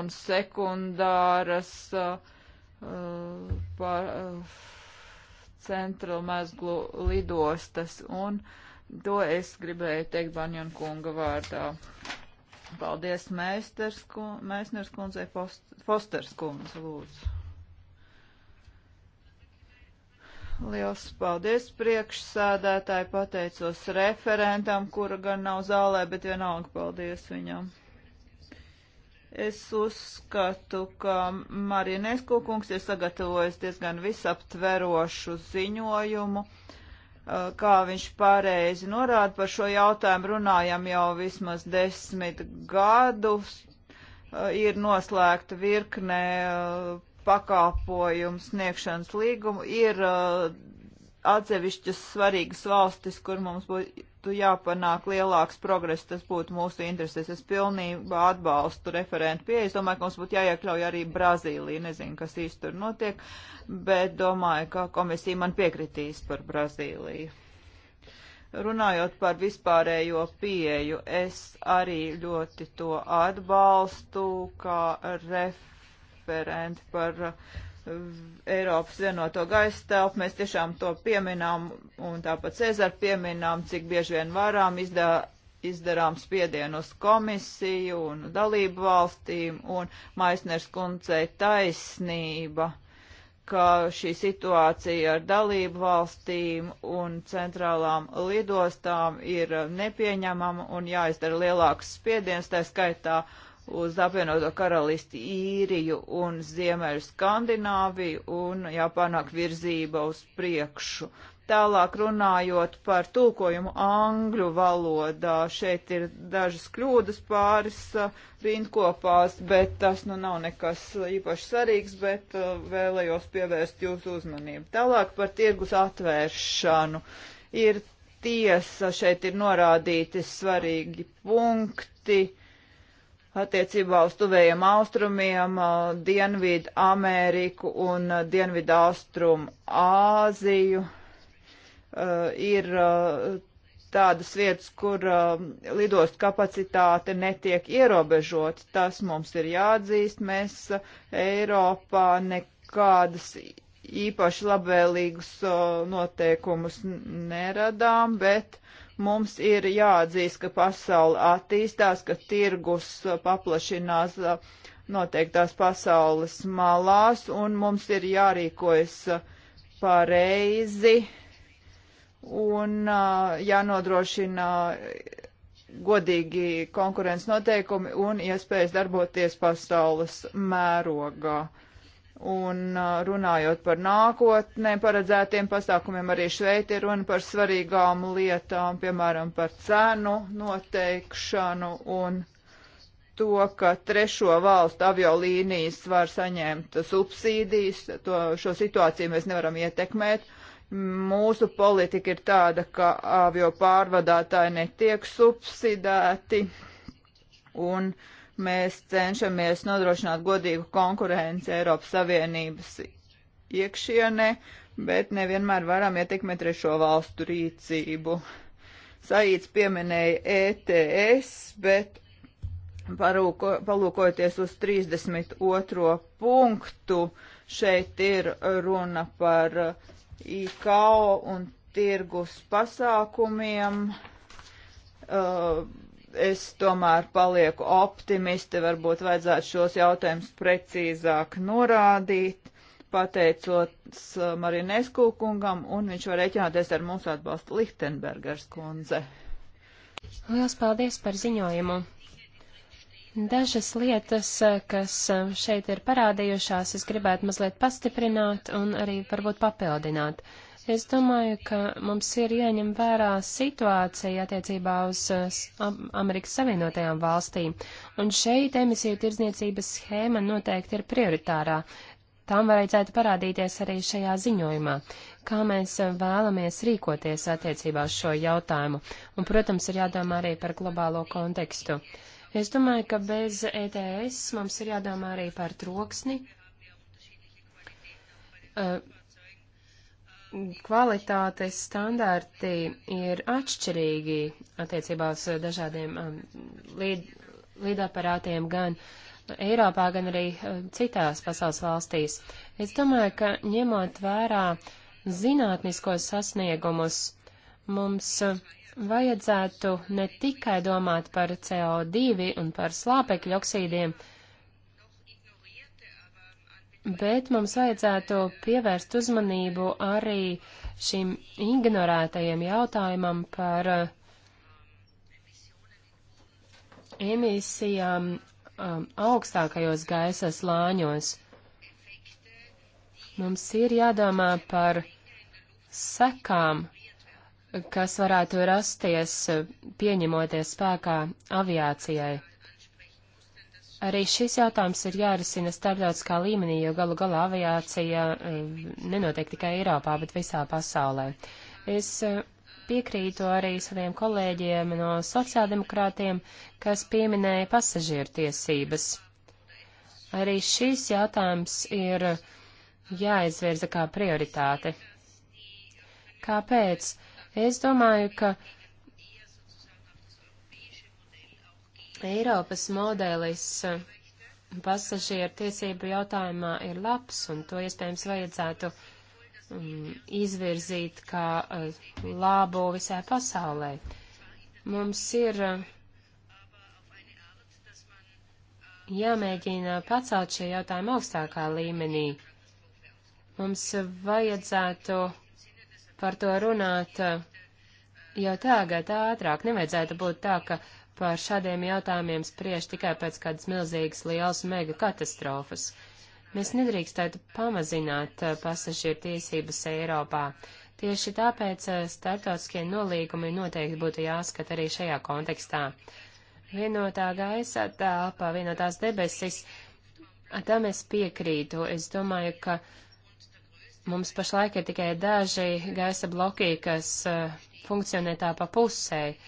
un sekundāras uh, par, uh, centra mezglu lidostas, un to es gribēju teikt Banjankunga vārdā. Paldies, Meisters, Meisters kundze, Fosters kundze, lūdzu. Liels paldies priekšsādātāji, pateicos referentam, kura gan nav zālē, bet vienalga paldies viņam. Es uzskatu, ka Marinesko kungs ir sagatavojis diezgan visaptverošu ziņojumu. Uh, Eh, kā viņš pareizi norāda, par šo jautājumu runājam jau vismaz desmit gadus. Eh, ir noslēgta virknē eh, pakāpojumu sniegšanas līgumu. Ir atsevišķas svarīgas valstis, kur mums būtu būtu jāpanāk lielāks progress, tas būtu mūsu interesēs. Es pilnībā atbalstu referentu pieeju. Es domāju, ka mums būtu jāiekļauj arī Brazīlija. Nezinu, kas īsti tur notiek, bet domāju, ka komisija man piekritīs par Brazīliju. Runājot par vispārējo pieeju, es arī ļoti to atbalstu, kā referenti par uh, Eiropas vienoto gaisa telpu. Mēs tiešām to pieminām un tāpat Cezar pieminām, cik bieži vien varām izdā, izdarām spiedienu uz komisiju un dalību valstīm un Maisners kundzei taisnība ka šī situācija ar dalību valstīm un centrālām lidostām ir nepieņemama un jāizdara lielāks spiediens, tā skaitā uh, uz apvienoto karalisti īriju un Ziemeļu Skandināviju un jāpanāk virzība uz priekšu. Tālāk runājot par tulkojumu angļu valodā, šeit ir dažas kļūdas pāris rindkopās, bet tas nu nav nekas īpaši svarīgs, bet vēlējos pievērst jūsu uzmanību. Tālāk par tirgus atvēršanu. Ir tiesa, šeit ir norādīti svarīgi punkti attiecībā uz tuvējiem austrumiem, Dienvidu Ameriku un Dienvidu Austrumu Āziju. Ir tādas vietas, kur lidostu kapacitāte netiek ierobežot. Tas mums ir jāatzīst. Mēs Eiropā nekādas īpaši labvēlīgus noteikumus neradām, bet Mums ir jāatzīst, ka pasaule attīstās, ka tirgus paplašinās noteiktās pasaules malās, un mums ir jārīkojas pareizi un jānodrošina godīgi konkurences noteikumi un iespējas darboties pasaules mērogā. Uh, Un uh, runājot par nākotnē paredzētiem pasākumiem, arī šeit ir runa par svarīgām lietām, piemēram, par cenu noteikšanu un to, ka trešo valstu aviolīnijas var saņemt subsīdijas. To, šo situāciju mēs nevaram ietekmēt. Mūsu politika ir tāda, ka avio pārvadātāji netiek subsidēti. Un uh, Mēs cenšamies nodrošināt godīgu konkurenci Eiropas Savienības iekšienē, bet nevienmēr varam ietekmēt trešo valstu rīcību. Saīts pieminēja ETS, bet parūko, palūkojoties uz 32. punktu, šeit ir runa par IKO un tirgus pasākumiem. Uh, es tomēr palieku optimisti, varbūt vajadzētu šos jautājumus precīzāk norādīt, pateicot uh, Marinesku kungam, un viņš var rēķināties ar mūsu atbalstu Lichtenbergers kundze. Lielas paldies par ziņojumu! Dažas lietas, uh, kas uh, šeit ir parādījušās, es gribētu mazliet pastiprināt un arī varbūt papildināt. Uh, Es domāju, ka mums ir jāņem vērā situācija attiecībā uz eh, Amerikas Savienotajām valstīm, un šeit emisiju tirdzniecības schēma noteikti ir prioritārā. Tām vajadzētu parādīties arī šajā ziņojumā, kā mēs eh, vēlamies rīkoties attiecībā uz šo jautājumu, un, protams, ir jādomā arī par globālo kontekstu. Es domāju, ka bez ETS mums ir jādomā arī par troksni. Uh, kvalitātes standarti ir atšķirīgi attiecībā uz dažādiem um, līd, līdaparātiem gan Eiropā, gan arī um, citās pasaules valstīs. Es domāju, ka ņemot vērā zinātniskos sasniegumus, mums um, vajadzētu ne tikai domāt par CO2 un par slāpekļu oksīdiem, uh, bet mums vajadzētu pievērst uzmanību arī šim ignorētajam jautājumam par uh, emisijām um, augstākajos gaisa slāņos. Mums ir jādomā par sekām, kas varētu rasties uh, pieņemoties spēkā aviācijai. Arī šis jautājums ir jārisina starptautiskā līmenī, jo galu galā aviācija eh, nenotiek tikai Eiropā, bet visā pasaulē. Es eh, piekrītu arī saviem kolēģiem no sociāldemokrātiem, kas pieminēja pasažieru tiesības. Arī šīs jautājums ir jāizvirza kā prioritāte. Kāpēc? Es domāju, ka Eiropas modelis eh, pasažieru tiesību jautājumā ir labs, un to iespējams vajadzētu um, izvirzīt kā uh, labu visai pasaulē. Mums ir uh, jāmēģina pacelt šie jautājumi augstākā līmenī. Mums vajadzētu par to runāt uh, jau tagad ātrāk. Nevajadzētu būt tā, ka par šādiem jautājumiem spriež tikai pēc kādas milzīgas liels mega katastrofas. Mēs nedrīkstētu pamazināt eh, pasažieru tiesības Eiropā. Tieši tāpēc eh, startautiskie nolīgumi noteikti būtu jāskat arī šajā kontekstā. Vienotā gaisa telpā, vienotās debesis, tam es piekrītu. Es domāju, ka mums pašlaik ir tikai daži gaisa bloki, kas eh, funkcionē tā pa pusēji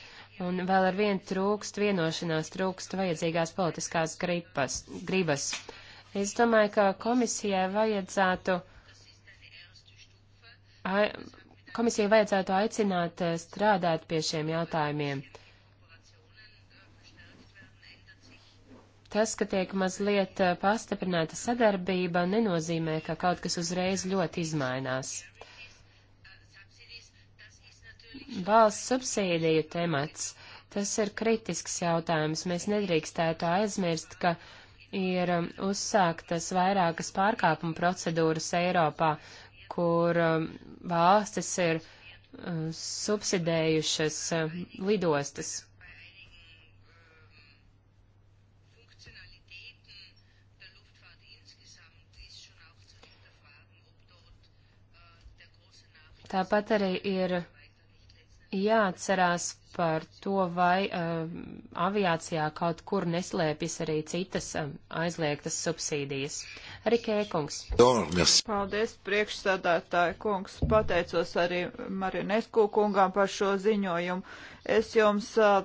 un vēl ar vien trūkst vienošanās, trūkst vajadzīgās politiskās gripas, gribas. Es domāju, ka komisijai vajadzētu, ai, komisijai vajadzētu aicināt eh, strādāt pie šiem jautājumiem. Tas, ka tiek mazliet eh, pastiprināta sadarbība, nenozīmē, ka kaut kas uzreiz ļoti izmainās valsts subsīdiju temats. Tas ir kritisks jautājums. Mēs nedrīkstētu aizmirst, ka ir um, uzsāktas vairākas pārkāpuma procedūras Eiropā, kur um, valstis ir um, subsidējušas lidostas. Tāpat arī ir jāatcerās par to, vai uh, aviācijā kaut kur neslēpjas arī citas uh, aizliegtas subsīdijas. Rikē kungs. Paldies, priekšsādātāji kungs. Pateicos arī Marinesku kungām par šo ziņojumu. Es jums uh,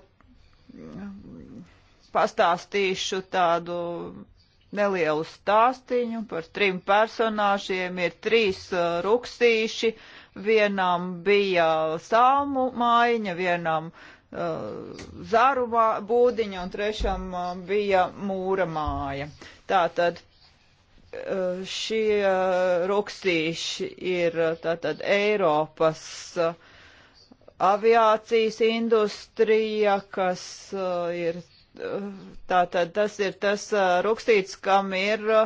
pastāstīšu tādu nelielu stāstiņu par trim personāžiem. Ir trīs uh, ruksīši. Uh, Vienam bija salmu maiņa, vienam uh, zaru būdiņa un trešam uh, bija mūra māja. Tātad uh, šie uh, ruksīši ir uh, tātad Eiropas uh, aviācijas industrija, kas uh, ir uh, tātad tas ir tas uh, ruksīts, kam ir uh,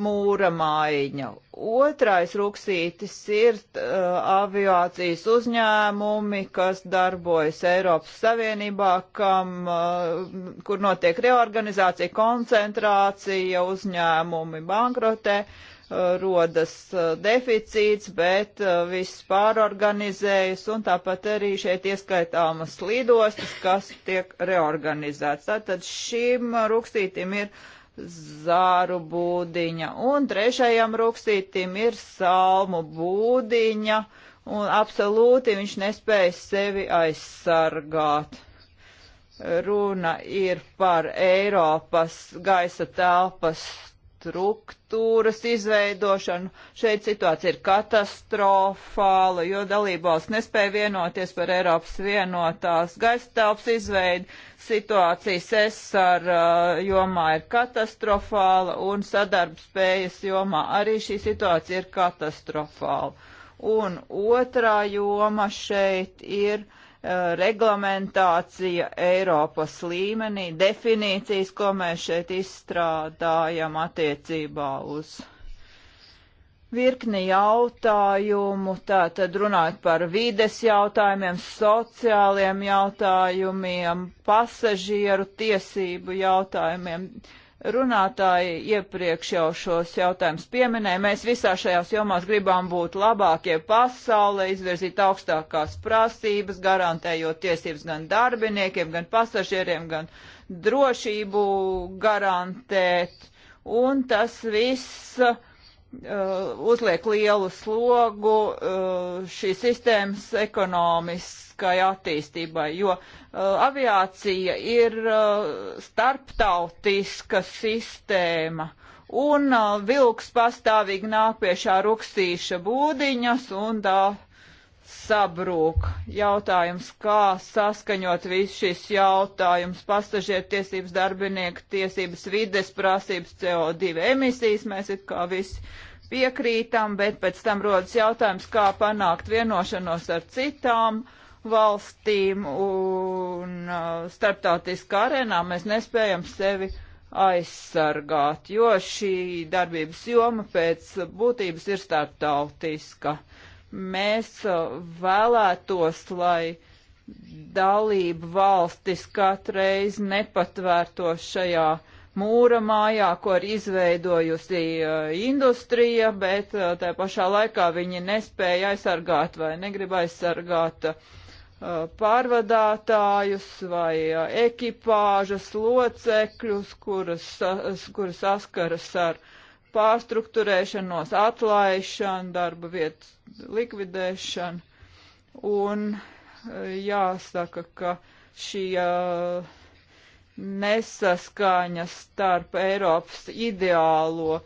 mūra mājiņa. Otrais ruksītis ir uh, aviācijas uzņēmumi, kas darbojas Eiropas Savienībā, kam, uh, kur notiek reorganizācija, koncentrācija, uzņēmumi bankrotē, uh, rodas uh, deficīts, bet uh, viss pārorganizējas un tāpat arī šeit ieskaitāmas lidostas, kas tiek reorganizētas. Tātad šim ruksītim ir uh, zāru būdiņa, un trešajam ruksītim ir salmu būdiņa, un absolūti viņš nespēja sevi aizsargāt. Runa ir par Eiropas gaisa telpas struktūru struktūras izveidošanu. Šeit situācija ir katastrofāla, jo dalībvalsts nespēja vienoties par Eiropas vienotās gaisa telpas izveidi. Situācija SESAR uh, jomā ir katastrofāla un sadarbspējas jomā arī šī situācija ir katastrofāla. Un otrā joma šeit ir Eh, reglamentācija Eiropas līmenī, definīcijas, ko mēs šeit izstrādājam attiecībā uz virkni jautājumu, tātad runājot par vides jautājumiem, sociāliem jautājumiem, pasažieru tiesību jautājumiem. Uh, Runātāji iepriekš jau šos jautājumus pieminēja. Mēs visā šajās jomās gribam būt labākie pasaulē, izvirzīt augstākās prasības, garantējot tiesības gan darbiniekiem, gan pasažieriem, gan drošību garantēt. Un tas viss Uh, uzliek lielu slogu uh, šīs sistēmas ekonomiskai attīstībai, jo uh, aviācija ir starptautiska sistēma. Un vilks pastāvīgi nāk pie šā rukstīša būdiņas un tā uh, sabrūk. Jautājums, kā saskaņot visus šīs jautājumus, pasažieru tiesības, darbinieku tiesības, vides prasības, CO2 emisijas, mēs it kā visi piekrītam, bet pēc tam rodas jautājums, kā panākt vienošanos ar citām valstīm un uh, starptautiskā arēnā mēs nespējam sevi aizsargāt, jo šī darbības joma pēc būtības ir starptautiska. Uh, Mēs uh, vēlētos, lai dalību valstis katreiz nepatvērtos šajā mūra mājā, ko ir izveidojusi uh, industrija, bet uh, tā pašā laikā viņi nespēja aizsargāt vai negrib aizsargāt uh, pārvadātājus vai uh, ekipāžas locekļus, kuras, kuras saskaras ar uh, pārstruktūrēšanos, atlaišanu, darba vietas likvidēšanu. Un e, jāsaka, ka šī e, nesaskaņa starp Eiropas ideālo e,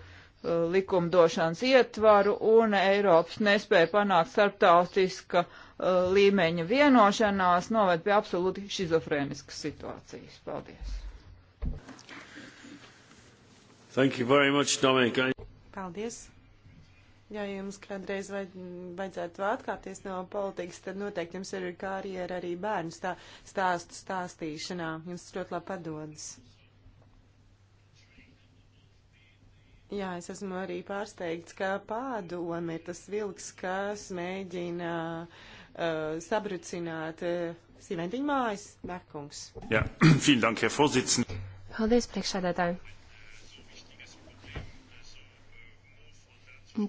likumdošanas ietvaru un Eiropas nespēja panākt starptautiska līmeņa vienošanās noved pie absolūti šizofrēniskas situācijas. Paldies! Thank you very much, Dominic. Paldies. Ja jums kādreiz vajad, vajadzētu atkāpties no politikas, tad noteikti jums ir karjera arī bērnu stā, stāstu stāstīšanā. Jums ļoti labi padodas. Jā, es esmu arī pārsteigts, ka pādome ir tas vilks, kas mēģina uh, sabrucināt uh, Sīventiņu mājas, Berkungs. Jā, vielen dank, Herr Vorsitzende. Paldies, priekšsēdētāji.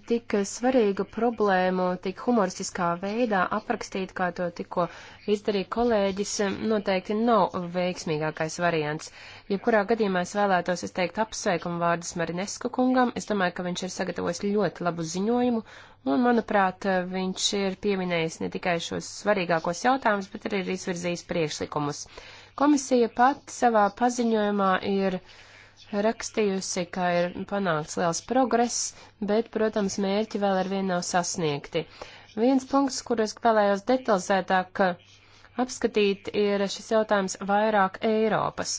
tik svarīgu problēmu tik humoristiskā veidā aprakstīt, kā to tikko izdarīja kolēģis, noteikti nav veiksmīgākais variants. Jebkurā gadījumā es vēlētos izteikt apsveikumu vārdus Marinesku kungam. Es domāju, ka viņš ir sagatavojis ļoti labu ziņojumu, un, manuprāt, viņš ir pieminējis ne tikai šos svarīgākos jautājumus, bet arī ir izvirzījis priekšlikumus. Komisija pat savā paziņojumā ir rakstījusi, ka ir panākts liels progress, bet, protams, mērķi vēl ar vienu nav sasniegti. Viens punkts, kur es vēlējos detalizētāk apskatīt, ir šis jautājums vairāk Eiropas.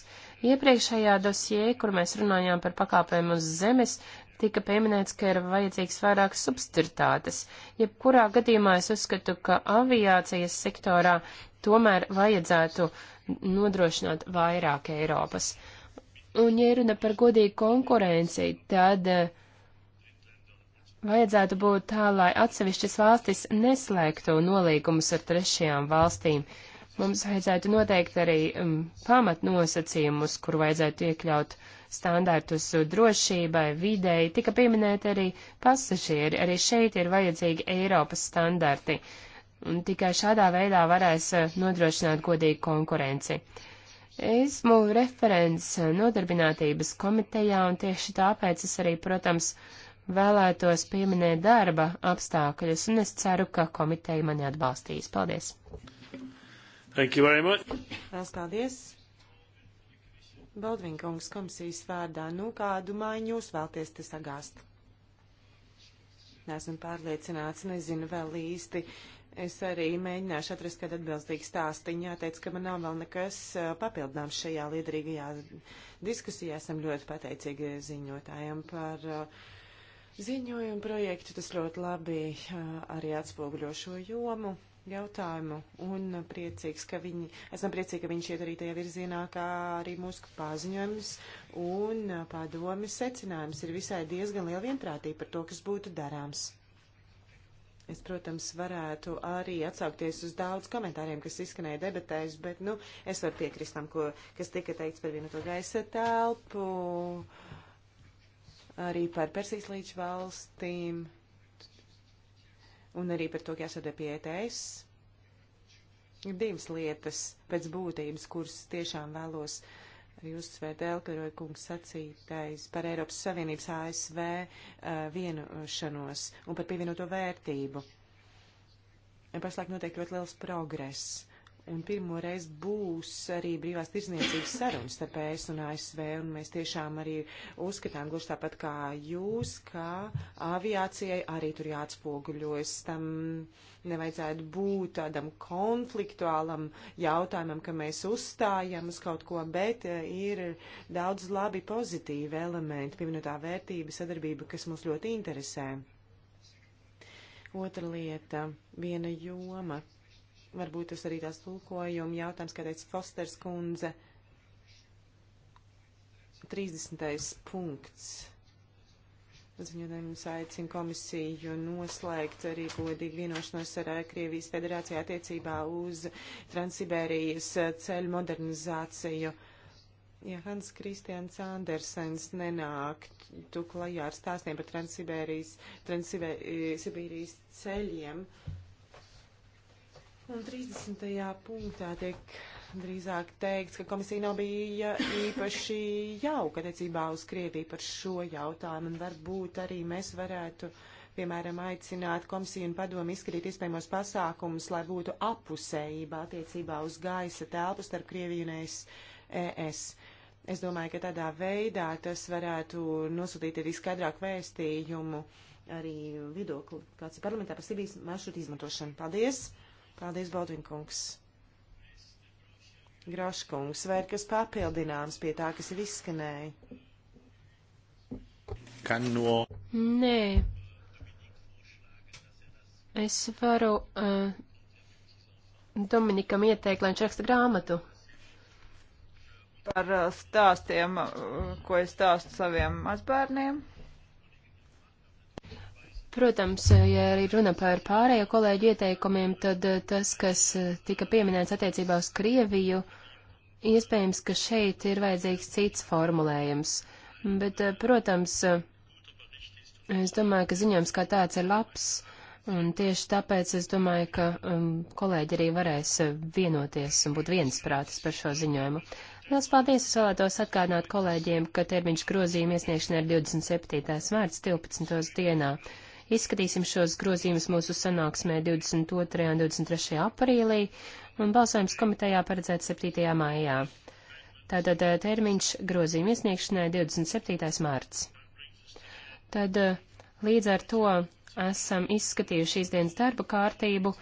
Iepriekšējā dosjē, kur mēs runājām par pakāpēm uz zemes, tika pieminēts, ka ir vajadzīgs vairāk substitūtātes. Jebkurā gadījumā es uzskatu, ka aviācijas sektorā tomēr vajadzētu nodrošināt vairāk Eiropas. Un, ja runa par godīgu konkurenci, tad eh, vajadzētu būt tā, lai atsevišķas valstis neslēgtu nolīgumus ar trešajām valstīm. Mums vajadzētu noteikt arī um, pamatnosacījumus, kur vajadzētu iekļaut standārtus drošībai, videi. Tika pieminēti arī pasažieri. Arī šeit ir vajadzīgi Eiropas standarti. Un tikai šādā veidā varēs eh, nodrošināt godīgu konkurenci. Uh, Esmu referents nodarbinātības komitejā un tieši tāpēc es arī, protams, vēlētos pieminēt darba apstākļus, un es ceru, ka komiteja mani atbalstīs. Paldies! Thank you very much! Tās paldies! Baldvinkungs komisijas vārdā, nu kādu māju jūs vēlties te sagāst? Nesmu pārliecināts, nezinu vēl īsti, Es arī mēģināšu atrast kādu atbilstīgu stāstiņu. Jāteic, ka man nav vēl nekas papildināms šajā liederīgajā diskusijā. Esam ļoti pateicīgi ziņotājiem par ziņojumu projektu. Tas ļoti labi arī atspoguļo šo jomu jautājumu un priecīgs, ka viņi, esam priecīgi, ka viņš iet arī tajā virzienā, kā arī mūsu paziņojums un padomis secinājums ir visai diezgan liela vienprātība par to, kas būtu darāms. Es, protams, varētu arī atsaukties uz daudz komentāriem, kas izskanēja debatēs, bet, nu, es varu piekrist tam, ko, kas tika teikts par vienoto gaisa telpu, arī par Persijas līdz valstīm un arī par to, ka jāsadē pie ETS. Ir divas lietas pēc būtības, kuras tiešām vēlos uh, Jūsu Delkaroja kungs sacītais par Eiropas Savienības ASV vienošanos un par pievienoto vērtību. Pašlaik notiek ļoti liels progress pirmo reizi būs arī brīvās tirzniecības sarunas starp ES un ASV, un mēs tiešām arī uzskatām, gluži tāpat kā jūs, ka aviācijai arī tur jāatspoguļojas. Tam nevajadzētu būt tādam konfliktuālam jautājumam, ka mēs uzstājam uz kaut ko, bet e, ir daudz labi pozitīvi elementi, pievienotā vērtība, sadarbība, kas mūs ļoti interesē. Otra lieta - viena joma, Varbūt tas arī tās tulkojuma jautājums, kā teica Fosters kundze. 30. punkts. Ziņojums aicina komisiju noslēgt arī godīgi vienošanos ar Krievijas federāciju attiecībā uz Transsiberijas ceļu modernizāciju. Ja Hans Kristians Andersens nenāktu klajā ar stāstiem par Transsibērijas, Transsibērijas ceļiem, uh, Un 30. punktā tiek drīzāk teikts, ka komisija nav bija īpaši jauka attiecībā uz Krieviju par šo jautājumu, un varbūt arī mēs varētu, piemēram, aicināt komisiju un padomu izskatīt iespējamos pasākumus, lai būtu apusējība attiecībā uz gaisa telpu starp Krieviju un ES. E es domāju, ka tādā veidā tas varētu nosūtīt arī skaidrāku vēstījumu arī viedokli, kāds ir parlamentā par Sibijas maršrutu izmantošanu. Paldies! Paldies, Baldvinkungs. Graškungs, vai ir kas papildināms pie tā, kas ir izskanēja? Kan no. Nē. Es varu uh, Dominikam ieteikt, lai viņš raksta grāmatu. Par eh, stāstiem, eh, ko es stāstu saviem mazbērniem. Protams, ja arī runa par pārējo kolēģu ieteikumiem, tad eh, tas, kas eh, tika pieminēts attiecībā uz Krieviju, iespējams, ka šeit ir vajadzīgs cits formulējums. Bet, eh, protams, es domāju, ka ziņojums kā tāds ir labs, un tieši tāpēc es domāju, ka um, kolēģi arī varēs vienoties un būt viensprātis par šo ziņojumu. Liels paldies! Es vēlētos atgādināt kolēģiem, ka termiņš grozījuma iesniegšana ir 27. mārts 12. dienā. Izskatīsim šos grozījumus mūsu sanāksmē 22. un 23. aprīlī, un balsojums komitejā paredzēts 7. maijā. Tātad eh, termiņš grozījuma iesniegšanai 27. mārts. Tad eh, līdz ar to esam izskatījuši šīs dienas darba kārtību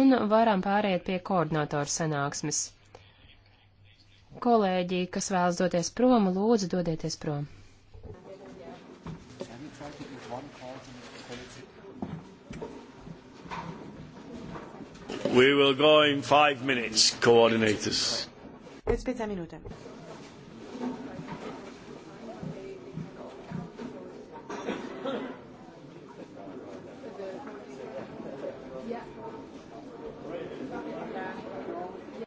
un varam pāriet pie koordinatoru sanāksmes. Kolēģi, kas vēlas doties prom, lūdzu dodieties prom. We will go in five minutes, coordinators. Pēc piecām minūtēm.